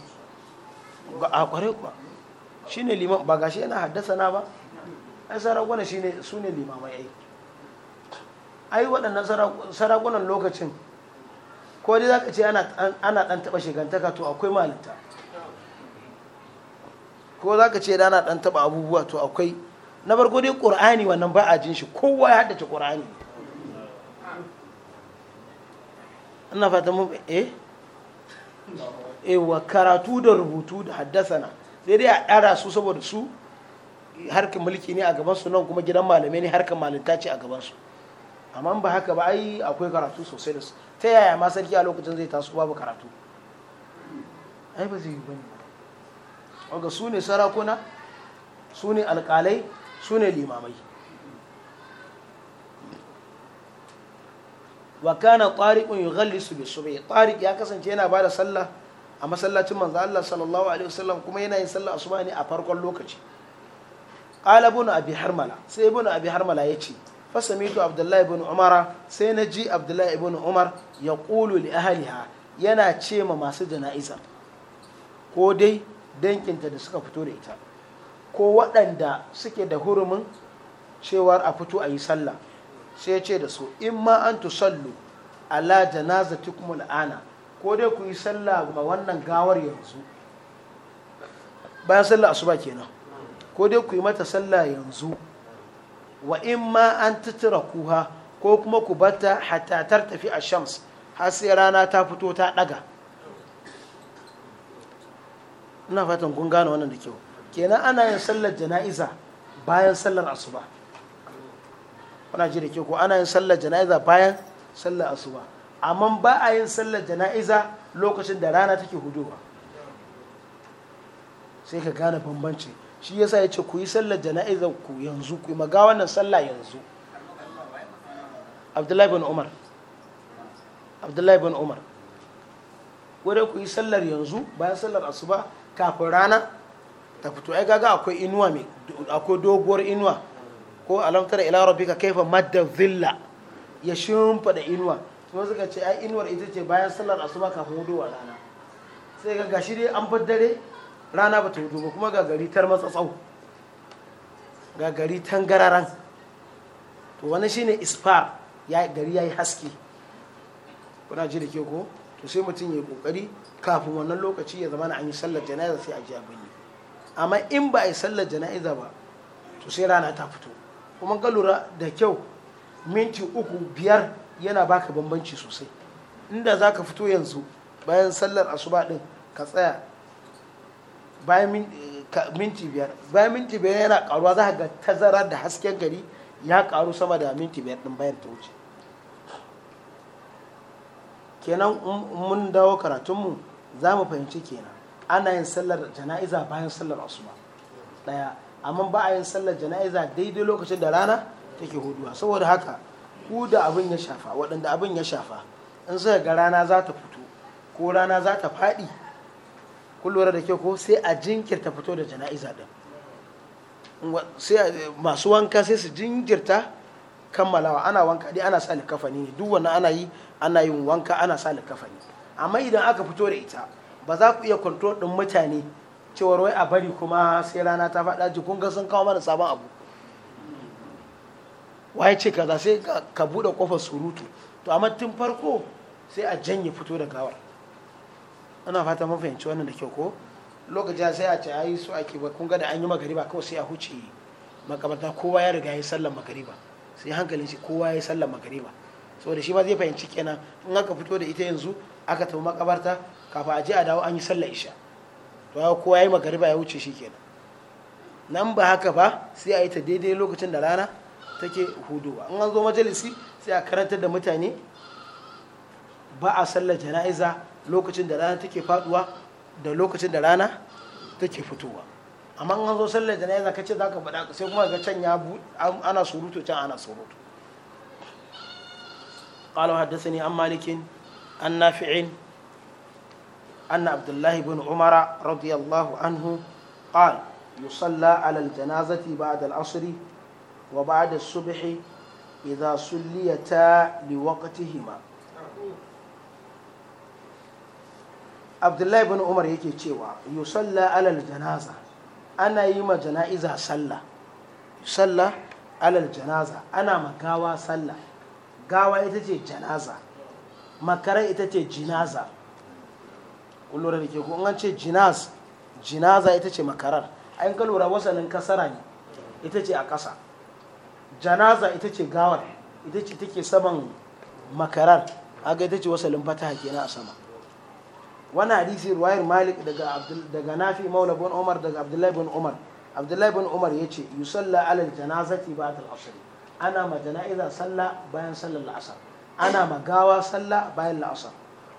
a kware kuwa shine liman ba gashi yana haddasa na ba ai sarakuna shine su ne limamai ai ai waɗannan sarakunan lokacin ko dai zaka ce ana ɗan taɓa shigantaka to akwai malinta ko za ka ce dana ɗan taba abubuwa to akwai na farko dai qur'ani wannan ba a jin shi kowa ya haddace ƙur'ani ina fata mu eh eh wa karatu da rubutu da haddasana sai dai a ɗara su saboda su harkar mulki ne a gabansu nan kuma gidan malamai ne harkar malinta ce a gabansu amma ba haka ba ai akwai karatu sosai da su ta yaya ma sarki a lokacin zai taso babu karatu ai ba zai yi bane waga su ne sarakuna su ne alkalai su ne limamai wa kana tariqun yughallisu bi subhi tariq ya kasance yana bada sallah a masallacin manzo Allah sallallahu alaihi wasallam kuma yana yin sallah asuba ne a farkon lokaci qala ibn abi harmala sai ibn abi harmala yace fa samitu abdullahi ibn umar sai na ji abdullahi ibn umar ya qulu li ahliha yana ce ma masu jana'izar ko dai dankinta da suka fito da ita ko waɗanda suke da hurumin cewa a fito a yi sallah sai ce da su in ma an tu sallu ala kuma al'ana ko dai ku yi sallah ma wannan gawar yanzu bayan sallah asuba kenan ko dai ku yi mata sallah yanzu wa in ma an tutura kuha ko kuma ku bata hatta tafi a shams har sai rana ta fito ta ɗaga ina fatan kun gane wannan da kyau kenan ana yin sallar jana'iza bayan sallar asuba kuna ji da kyau ko ana yin sallar jana'iza bayan sallar asuba amma ba a yin sallar jana'iza lokacin da rana take hudowa sai ka gane bambanci shi yasa ya ce ku yi sallar jana'izar ku yanzu ku yi maga wannan sallah yanzu abdullahi bin umar abdullahi bin umar wadda ku yi sallar yanzu bayan sallar asuba kafin rana ta fito ai gaga akwai inuwa mai akwai doguwar inuwa ko alamtar ila ka kaifa madda zilla ya shimfa da inuwa kuma suka ce ai inuwar ita ce bayan sallar asuba kafin wa rana sai ga gashi dai an bar rana ba ta hudu ba kuma ga gari tar matsatsau ga gari tangararan to wani shine isfar ya gari yayi haske kuna ji da ke ko to sai mutum ya yi kokari kafin wannan lokaci ya zama na an yi sallar jana'iza sai a ji abin ne amma in ba a yi sallar jana'iza ba to sai rana ta fito kuma ka lura da kyau minti uku biyar yana baka bambanci sosai inda za ka fito yanzu bayan sallar asuba din ka tsaya minti biyar bayan minti biyar yana karuwa za ka ga tazara da hasken gari ya karu sama da minti biyar din bayan ta wuce kenan mun dawo karatunmu za mu fahimci kenan ana yin sallar jana'iza bayan sallar asuba daya amma ba a yin sallar jana'iza daidai lokacin da rana take huduwa saboda haka ku da abin ya shafa waɗanda abin ya shafa in suka ga rana za ta fito ko rana za ta faɗi kullum da kyau ko sai a jinkirta fito da jana'iza ɗin masu wanka sai su jinkirta kammalawa ana wanka dai ana sa likafani ne duk wannan ana yi ana yin wanka ana sa likafani amma idan aka fito da ita ba za ku iya control din mutane cewa wai a bari kuma sai rana ta faɗa ji kun ga sun kawo mana sabon abu waye ce kaza sai ka buɗe kofar surutu to amma tun farko sai a janye fito da gawar ana fata mun fahimci wannan da kyau ko lokacin sai a ce ayi su ake ba kun ga da an yi magariba kawai sai a huce makabarta kowa ya riga ya sallar magariba sai hankalin shi kowa ya sallar magariba saboda shi ma zai fahimci kenan in aka fito da ita yanzu aka tafi makabarta kafin a je a dawo an yi sallar isha to ya kowa ya magariba ya wuce shi kenan nan ba haka ba sai a yi ta daidai lokacin da rana take hudowa in an zo majalisi sai a karantar da mutane ba a sallar jana'iza lokacin da rana take faduwa da lokacin da rana take fitowa amma an zo sallar jana'iza ka ce za ka faɗa sai kuma ga can ya ana surutu can ana surutu قال حدثني عن مالك عن نافع أن عبد الله بن عمر رضي الله عنه قال يصلى على الجنازة بعد العصر وبعد الصبح إذا صليتا لوقتهما عبد الله بن عمر يكي تشيوا يصلى على الجنازة ana yi ma jana'iza sallah sallah alal janaza ana ma gawa sallah gawa ita ce janaza makara ita ce jinaza kun lura da ke ku an ce jinaz jinaza ita ce makarar an ka lura wasanin kasara ne ita ce a ƙasa janaza ita ce gawar ita ce take saman makarar aga ita ce wasalin fata kenan a sama wannan hadisi ruwayar malik daga nafi maula bin umar daga abdullahi bin umar abdullahi bin umar ya ce yusalla alal janazati ba'da al-asr ana ma jana'iza sallah bayan sallar la'asar ana magawa sallah bayan la'asar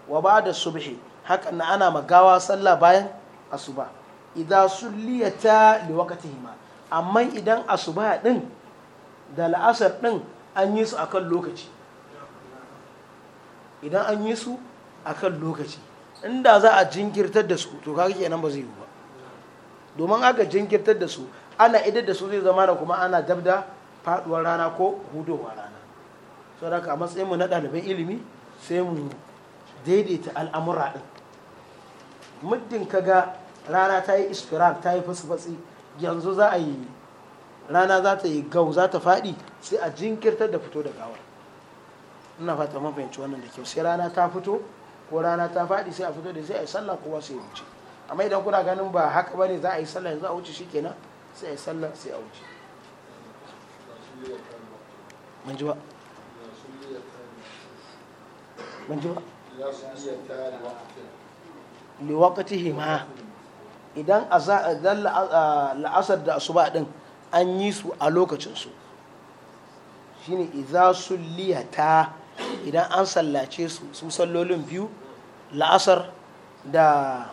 wa da subhi hakan na ana magawa sallah bayan asuba idan sulliyata li waqtihima amma idan asuba din da la'asar din an an yi su akan lokaci inda za a jinkirtar da su to kaga kenan ba zai yi ba domin aka jinkirtar da su ana idar da su zai zama da kuma ana dabda faduwar rana ko hudowar rana saboda a matsayin mu na ɗaliban ilimi sai mu daidaita al'amura ɗin muddin kaga rana ta yi ispiral ta yi fasfatsi yanzu za a yi rana za ta yi gau za ta faɗi sai a jinkirtar da fito da gawar ina fata mafahimci wannan da kyau sai rana ta fito ko rana ta faɗi sai a fito da sai a yi sallah kowa wasu ya wuce amma idan kuna ganin ba haka bane za a yi sallah yanzu a wuce kenan sai a yi sallah sai a wuce liwakatihi ma idan la'asar da asuba din an yi su a lokacinsu shine idza sulliyata idan an sallace su su sallolin biyu la'asar da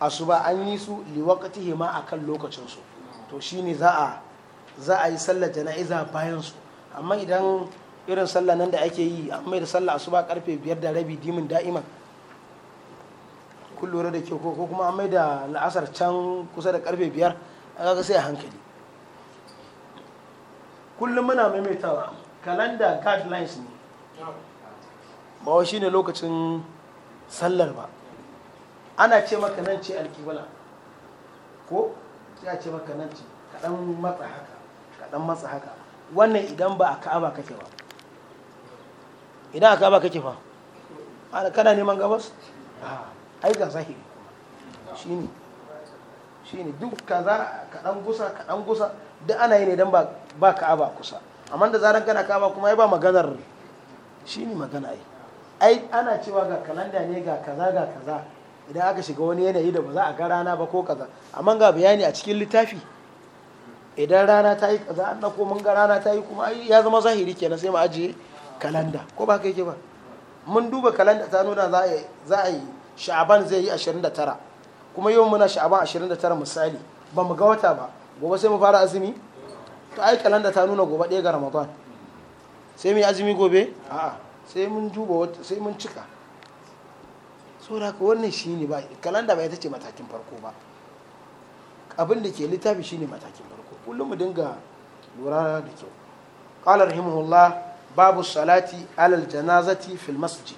asuba an yi su liwakati hima a kan lokacinsu to shi ne za a yi sallar jana'iza bayansu amma idan irin sallar nan da ake yi an mai da sallar asuba karfe biyar da rabi dimin da'iman kun da ke ko kuma an mai da la'asar can kusa da karfe biyar a ga sai a hankali kullum muna maimaitawa kalanda guidelines ne ba wa shine lokacin sallar ba ana ce maka nan ce alkibala ko sai a ce maka nan ce kaɗan matsa haka kaɗan matsa haka wannan idan ba a ka'aba kake ba idan a ka'aba kake fa kana neman gabas ai ga zahiri shine shine duk kaza kaɗan gusa kaɗan gusa duk ana yi ne idan ba ka'aba kusa amma da zaran kana ka'aba kuma ya ba maganar shine magana ai ai ana cewa ga kalanda ne ga kaza ga kaza idan aka shiga wani yanayi da ba za a ga rana ba ko kaza amma ga bayani a cikin littafi idan rana ta yi kaza an ko mun ga rana ta yi kuma ya zama zahiri kenan sai mu ajiye kalanda ko ba kai ke ba mun duba kalanda ta nuna za a yi sha'aban zai yi 29 kuma yau muna sha'aban 29 misali ba mu ga wata ba gobe sai mu fara azumi to ai kalanda ta nuna gobe ɗaya ga ramadan sai mu yi azumi gobe a'a sai mun duba wata sai mun cika saboda haka wannan ne ba kalanda ba ita ce matakin farko ba abin da ke littafi shine matakin farko kullum mu dinga lura da kyau qala rahimahullah babu salati alal janazati fil masjid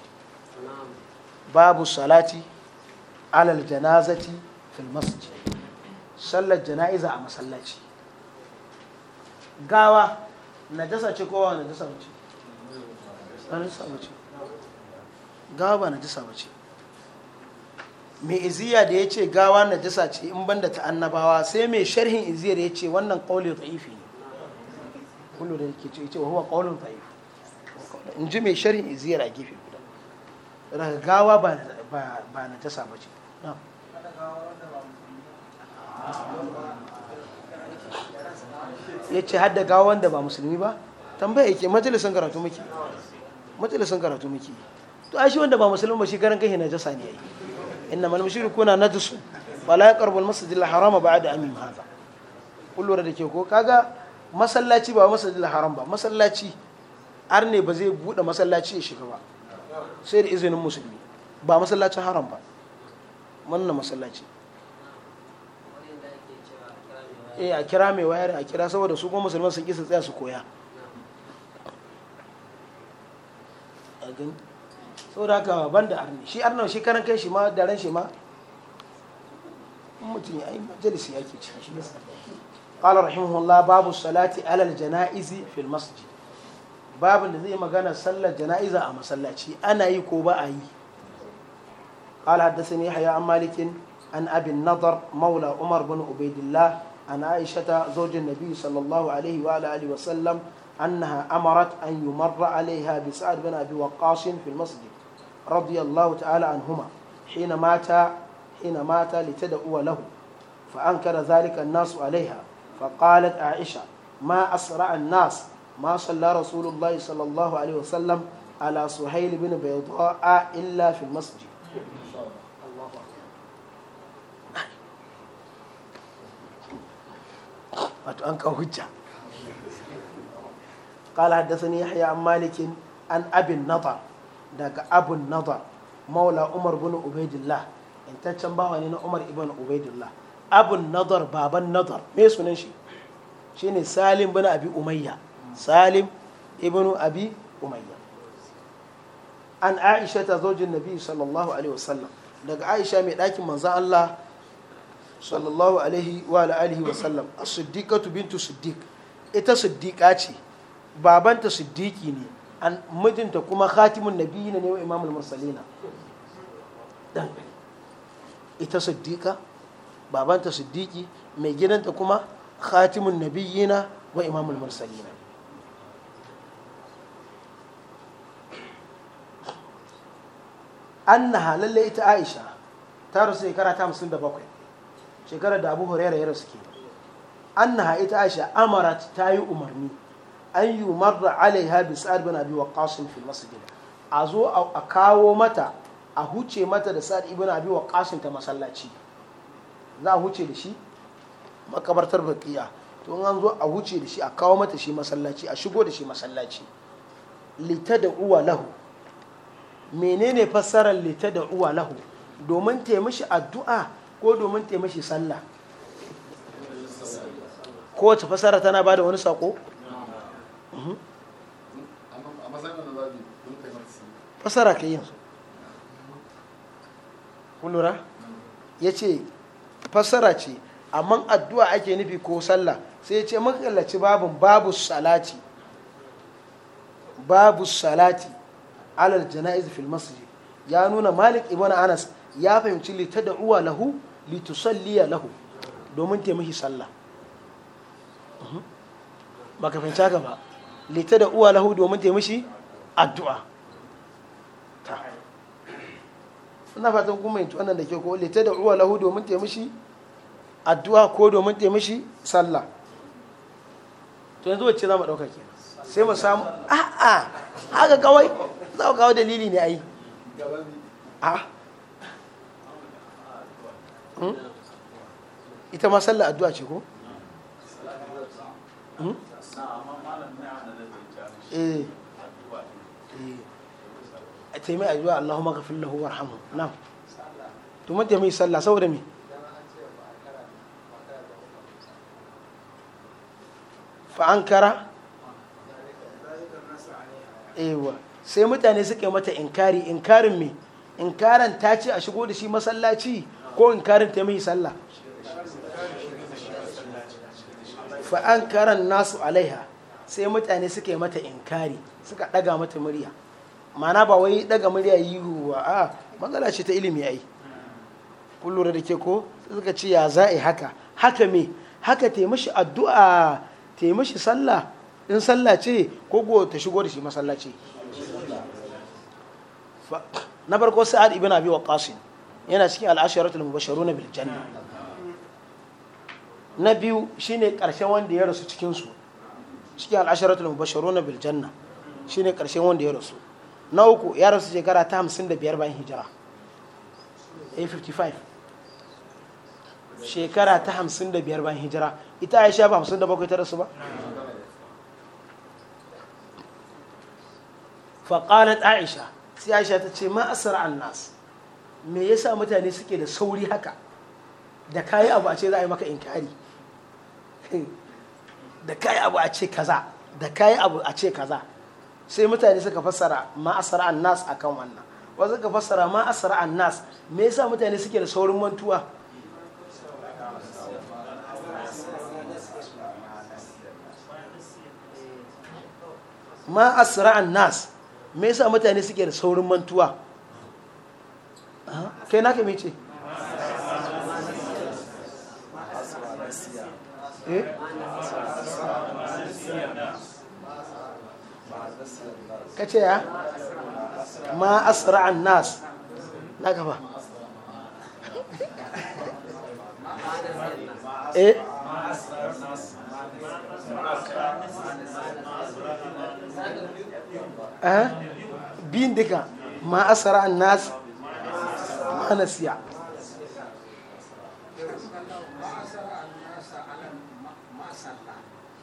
babu salati alal janazati fil masjid sallar jana'iza a masallaci gawa najasa ce kowa najasa ce ba na jisa gawa ba na jisa bace mai iziya da ya ce gawa na jisa ce in banda ta annabawa sai mai sharhin iziya da ya ce wannan ta ta'ifi ne kullu da yake ce wa huwa ta ta'ifi in ji mai sharhin iziyar a gefe guda gawa ba na jisa ba ce ya ce hadda gawa wanda ba musulmi ba tambaya ke majalisan karatu muke majalisan karatu muke to ai shi wanda ba musulmi ba shi garan kai na jasa ne yayi inna mal mushrikuna najasu wala yaqrabu al masjid al harama ba'da amim hadha kullu da ke ko kaga masallaci ba masjid al haram ba masallaci arne ba zai bude masallaci ya shiga ba sai da izinin musulmi ba masallacin haram ba wannan masallaci eh a kira mai wayar a kira saboda su kuma musulman sun kisa tsaya su koya a gani saboda haka ban da arni arnau shi karan kai shi ma da ran babu salati alal jana'izi fil babu da zai magana sallar jana'iza a masallaci ana yi ko ba a yi kala haddasa ne haya an malikin an abin nazar maula umar bin ubaidillah an aishata ta zojin nabi sallallahu alaihi wa sallam أنها أمرت أن يمر عليها بسعد بن أبي وقاص في المسجد رضي الله تعالى عنهما حين مات حين مات لتدعو له فأنكر ذلك الناس عليها فقالت عائشة ما أسرع الناس ما صلى رسول الله صلى الله عليه وسلم على سهيل بن بيضاء إلا في المسجد wato an kawo hujja قال حدثني يحيى عن مالك عن أبي النضر داك أبو النضر مولى عمر بن عبيد الله انت تشنبا ونين عمر بن عبيد الله أبو النضر بابا النضر ما يسمون شيء شيني سالم بن أبي أمية سالم ابن أبي أمية عن عائشة زوج النبي صلى الله عليه وسلم داك عائشة من لكن من الله صلى الله عليه وعلى آله وسلم الصديقة بنت صديق ita siddiƙa ce babanta Siddiki ne an mijinta kuma khatimun nabiyina ne wa imamul mursalina dan ita siddiqa babanta Siddiki, mai gidanta kuma khatimun nabiyina wa imamul mursalina annaha lalle ita aisha ta rasu shekara ta hamsin da bakwai shekarar da abu huraira ya rasu ke annaha ita aisha amarat ta yi umarni an yi marra alaiha bi sa'ad bin abi waqqas fi masjid a zo a kawo mata a huce mata da sa'ad ibn abi waqqas ta masallaci za a huce da shi makabartar baqiya to in an zo a huce da shi a kawo mata shi masallaci a shigo da shi masallaci lita da uwa lahu menene fassarar lita da uwa lahu domin taimashi addu'a ko domin taimashi sallah kowace fasara tana ba da wani sako yace ka yin su kunura ya ce fasara ce amma addu'a ake nufi ko sallah sai ya ce makallaci babin babu salati babu salati alal jana'iz fil masjid ya nuna malik ibn anas ya fahimci lita da uwa lahu litusalliya lahu domin taimaki sallah baka fahimci ba lita da uwa lahu domin ta mishi addu'a ta ina fatan kuma yin wannan da ke ko lita da uwa lahu domin ta mishi addu'a ko domin ta mishi sallah to yanzu wacce za mu ɗauka ke sai mu samu a'a haka kawai za ku kawo dalili ne a yi hmm? a ita ma sallah addu'a ce ko? Hmm? a eh. eh. taimai a addu'a allahu ghafir lahu warhamhu na to mata mai sallah saboda me fa ankara ewa sai mutane suka mata inkari inkarin mai inkarin ta ce a shigo da shi masallaci ko inkarin ta mai sallah fa'ankaran nasu alaiha sai mutane suka yi mata inkari suka daga mata murya mana ba wai daga murya yi wa a matsala ce ta ilimi ai kun lura da ke ko suka ce ya za a haka haka me haka taimashi addu'a taimashi sallah in sallah ce ko go ta shigo da shi masallaci na farko sa'ad ibn abi waqasin yana cikin al'asharatul mubashiruna bil janna na biyu shine karshen wanda ya rasu cikin su cikin al'asharatul mubashiruna bil janna shine karshen wanda ya rasu na uku ya rasu shekara ta 55 bayan hijira a55 eh, shekara ta 55 bayan hijira ita aisha ba 57 ta rasu ba faƙalat aisha sai aisha ta ce ma asar annas me yasa mutane suke da sauri haka da kayi abu a ce za a yi maka inkari da kai abu a ce kaza da kai abu a ce kaza sai mutane suka fassara ma asara annas akan wannan wasu suka fassara ma asara annas me yasa mutane suke da saurin mantuwa ma asra annas me yasa mutane suke da saurin mantuwa kai na kai mece? Eh? kace ya ah, ma asra an nas na gaba eh, eh? bin dika ma asra an nas ma nasiya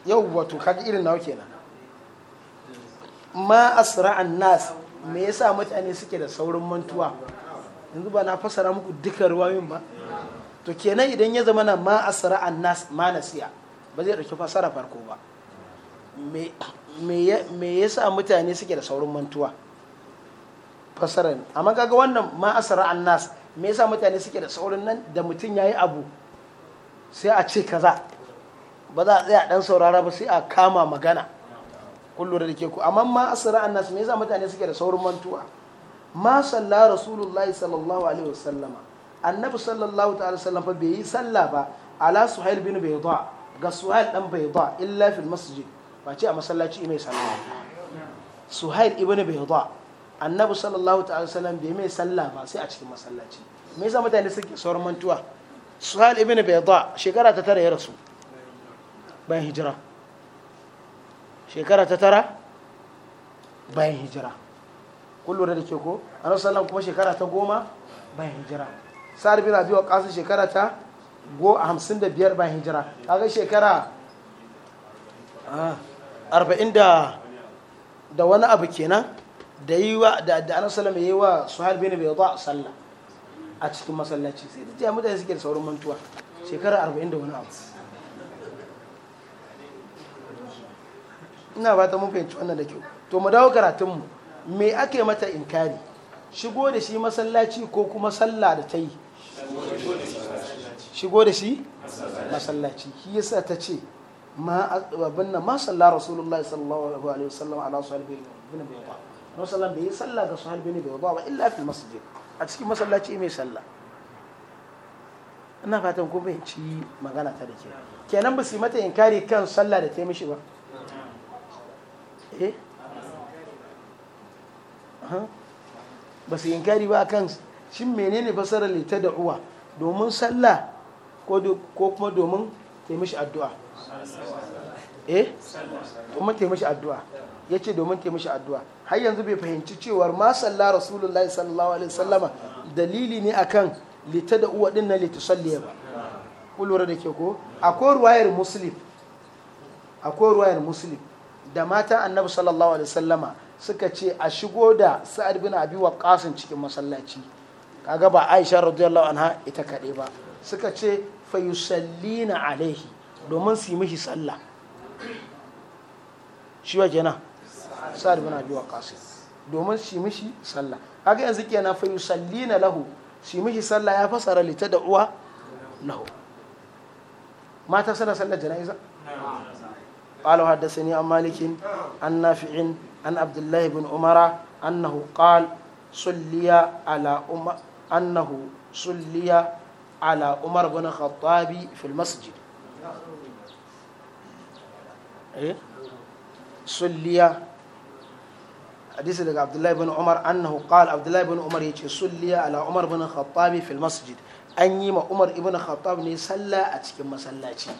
yau wato kaga irin nawa kenan ma an nas me yasa mutane suke da saurin mantuwa yanzu ba na fasara muku duka ruwayoyin ba to kenan idan ya zama na ma an nas ma nasiya ba zai dauki fasara farko ba me yasa mutane suke da saurin mantuwa fasarar amma kaga wannan ma an nas me yasa mutane suke da saurin nan da mutum yayi abu sai a ce kaza ba za a tsaya dan saurara ba sai a kama magana kun da ke ku amma ma asra annas me yasa mutane suke da saurin mantuwa ma salla rasulullahi sallallahu alaihi wasallama annabi sallallahu ta'ala sallam fa bai yi sallah ba ala suhail bin bayda ga suhail dan bayda illa fil masjid ba ce a masallaci mai sallah suhail ibn bayda annabi sallallahu ta'ala sallam bai mai sallah ba sai a cikin masallaci me yasa mutane suke saurin mantuwa suhail ibn bayda shekara ta tara ya rasu bayan hijira shekara ta tara bayan hijira kullum da ke ko annabi sallam kuma shekara ta goma bayan hijira sa'ad bin abi kasu shekara ta go hamsin da biyar bayan hijira kaga shekara arba'in da da wani abu kenan da yi wa da an annabi sallam yi wa suhal bin bayda sallah a cikin masallaci sai da mutane suke da saurin mantuwa shekara arba'in da wani abu ina ba ta mun fahimci wannan da kyau to mu dawo karatun mu me ake mata inkari shigo da shi masallaci ko kuma sallah da ta yi shigo da shi masallaci shi yasa ta ce ma abin nan ma salla rasulullahi sallallahu alaihi wasallam ala sahal bin bayda no sallan bai salla ga sahal bin bayda ba illa fil masjid a cikin masallaci mai sallah ina fatan kun fahimci magana ta da ke kenan ba su yi mata inkari kan sallah da ta yi mishi ba eh ba su inkari ba kan shi menene fasarar lita da uwa domin sallah ko kuma domin taimishi addu'a eh kuma taimishi addu'a ya ce domin taimishi addu'a har yanzu bai fahimci cewar ma sallah rasulullahi sallallahu alaihi sallama dalili ne akan lita da uwa din na lita salliya ba kulura da ke ko akwai ruwayar muslim akwai ruwayar muslim da matan annabi sallallahu alaihi suka ce a shigo da sa'ad bin abi waqasin cikin masallaci kaga ba aisha radiyallahu anha ita kaɗai ba suka ce fa yusallina alaihi domin su yi mishi sallah shi wa kenan sa'ad bin abi domin su yi mishi sallah kaga yanzu kenan fa yusallina lahu su yi mishi sallah ya fasara lita da uwa lahu mata suna sallar jana'iza قال حدثني عن مالك عن نافع عن عبد الله بن عمر أنه قال صلي على أمر أنه صلي على عمر بن الخطاب في المسجد إيه؟ صلي حديث عبد الله بن عمر أنه قال عبد الله بن عمر يجي صلي على عمر بن الخطاب في المسجد أن يما عمر بن الخطاب ني صلى أتكم مسلاتي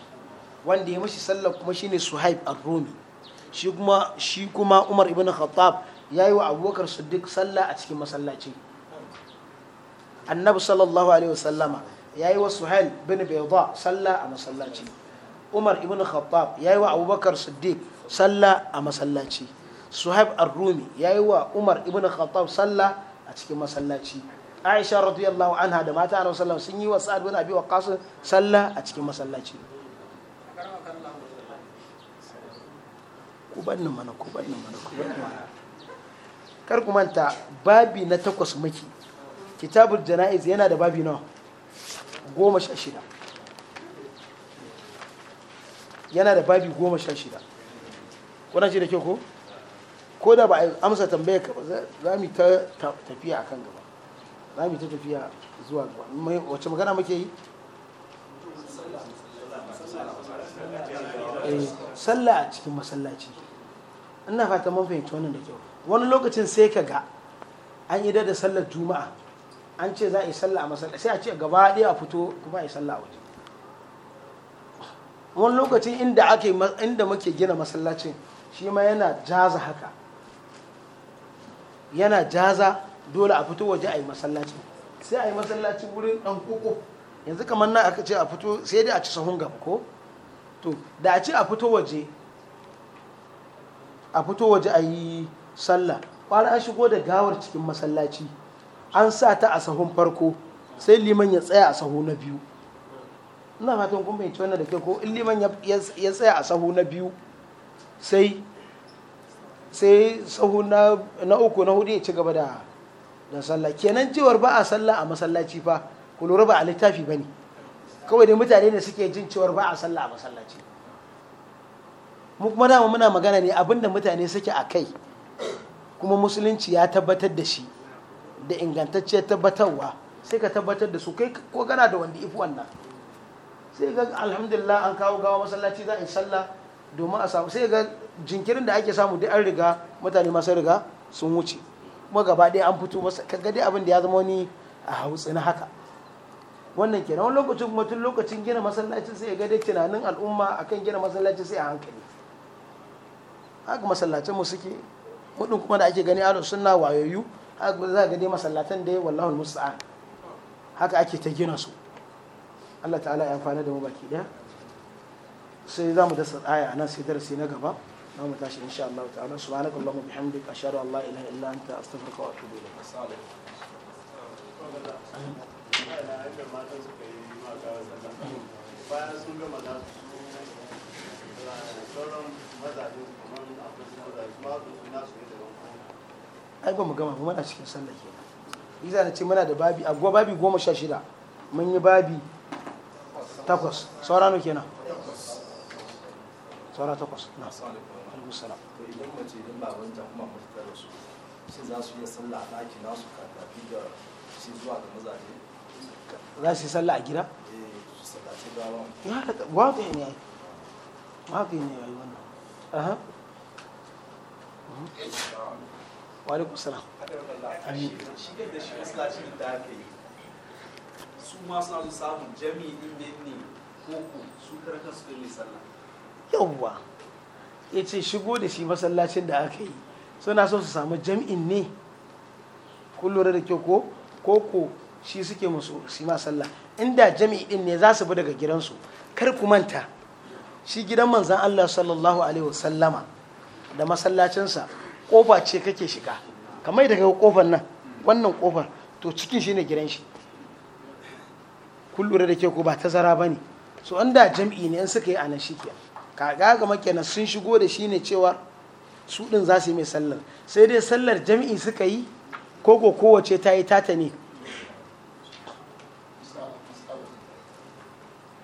wanda ya mashi sallah kuma shine suhaib ar-rumi shi kuma shi kuma umar ibn khattab ya yi wa abubakar siddiq sallah a cikin masallaci annabi sallallahu alaihi wasallama ya yi wa suhail bin bayda sallah a masallaci umar ibn khattab ya yi wa abubakar siddiq sallah a masallaci suhaib ar-rumi ya yi wa umar ibn khattab sallah a cikin masallaci aisha radiyallahu anha da mata annabi sallallahu sun yi wa sa'ad bin abi waqqas sallah a cikin masallaci ku banni mana ku banni mana ku banni mana kar ku manta babi na takwas maki kitabul jana'iz yana da babi na goma sha shida yana da babi goma sha shida kuna ce da kyau ko ko da ba a amsa tambaya ka ba za mu ta tafiya a kan gaba za mu ta tafiya zuwa gaba wacce magana muke yi eh, sallah a cikin masallaci ina fata mun fahimci wannan da kyau wani lokacin sai ka ga an yi da sallar juma'a an ce za a yi sallah a masallaci sai a ce gaba ɗaya a fito kuma a yi sallah a waje wani lokacin inda ake inda muke gina masallacin shi ma yana jaza haka yana jaza dole a fito waje a yi masallaci sai a yi masallaci wurin ɗan koko yanzu kamar na aka ce a fito sai dai a ci sahun gaba ko to da a ce a fito waje a fito waje a yi sallah kwara an shigo da gawar cikin masallaci an sa ta a sahun farko sai liman ya tsaya a sahu na biyu ina fatan kun fahimci wannan da ke ko in liman ya tsaya a sahu na biyu sai sai sahu na uku na hudu ya ci gaba da da sallah kenan cewar ba a sallah a masallaci fa ku lura ba a littafi bane kawai da mutane ne suke jin cewar ba a sallah a masallaci mu kuma dama muna magana ne abinda mutane suke a kai kuma musulunci ya tabbatar da shi da ingantacciyar tabbatarwa sai ka tabbatar da su kai ko gana da wanda ifi wannan sai ga alhamdulillah an kawo gawa masallaci za a yi sallah domin a samu sai ga jinkirin da ake samu duk an riga mutane masu riga sun wuce kuma gaba ɗaya an fito masa kaga dai abin da ya zama wani a hausa na haka wannan kenan wani lokacin kuma tun lokacin gina masallacin sai ga dai tunanin al'umma akan gina masallacin sai a hankali haka masallacin mu suke hudun kuma da ake gani ahlus sunna wayoyu haka za ga dai masallatan dai wallahul musta'an haka ake ta gina su Allah ta'ala ya amfana da mu baki daya sai za mu dasa aya nan sai darasi na gaba na mu tashi insha Allah ta'ala subhanaka allahumma bihamdika ashhadu an la ilaha illa anta astaghfiruka wa atubu ilayk bayan sun gama za su sauran mazaje ai ba mu gama ba muna cikin sallah kenan iza na ce muna da babi a babi goma sha shida mun yi babi takwas saura no kenan saura takwas na alaikum salam idan mace idan ta kuma da su za su sallah a ɗaki nasu da shi zuwa ga mazaje za su yi sallah a gida? eh su sallace gawa ne ya yi ya yi wannan wa amin su ya ce shigo da shi masallacin da aka yi suna so su samu jami'in ne kun da kyau ko ko shi suke musu shi inda jami'in ne za bi daga gidansu kar ku manta shi gidan manzan Allah sallallahu alaihi wasallama da masallacinsa kofa ce kake shiga kamar daga kofar nan wannan kofar to cikin shine gidan shi kun da ke ko ba tazara ba ne so an da jam'i ne in suka yi a nan shi ke kaga ga makenan sun shigo da shi ne cewa su din za su yi mai sallar sai dai sallar jam'i suka yi koko kowace ta yi tata ne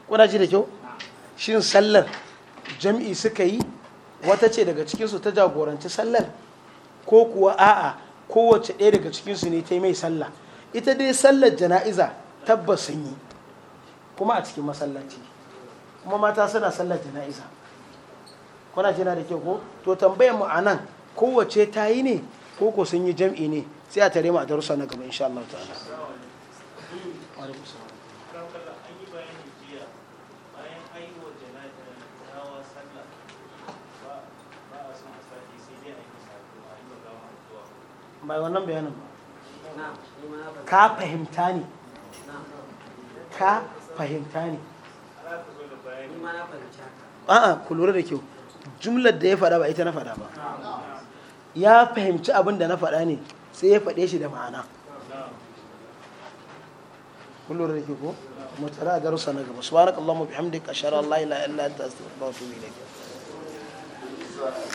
kuna ji da kyau shin sallar jam'i suka yi wata ce daga cikinsu ta jagoranci sallar ko kuwa a'a kowace ɗaya daga cikinsu ne ta yi mai sallah ita dai sallar jana'iza tabbas sun yi kuma a cikin masallaci kuma mata suna sallar jana'iza kuna jina da ke ko to tambayar mu kowace ta yi ne ko ko sun yi jam'i ne sai a tare mu a darussa na gaba insha Allah ta'ala bai wannan bayanin ba ka fahimta ne ka fahimta ne a'a ku lura da kyau jumlar da ya fada ba ita na fada ba ya fahimci abin da na fada ne sai ya fade shi da ma'ana ku lura da ke ko mu a garusa na gaba subhanakallahumma bihamdika ashhadu an la ilaha illa anta astaghfiruka wa atubu ilayk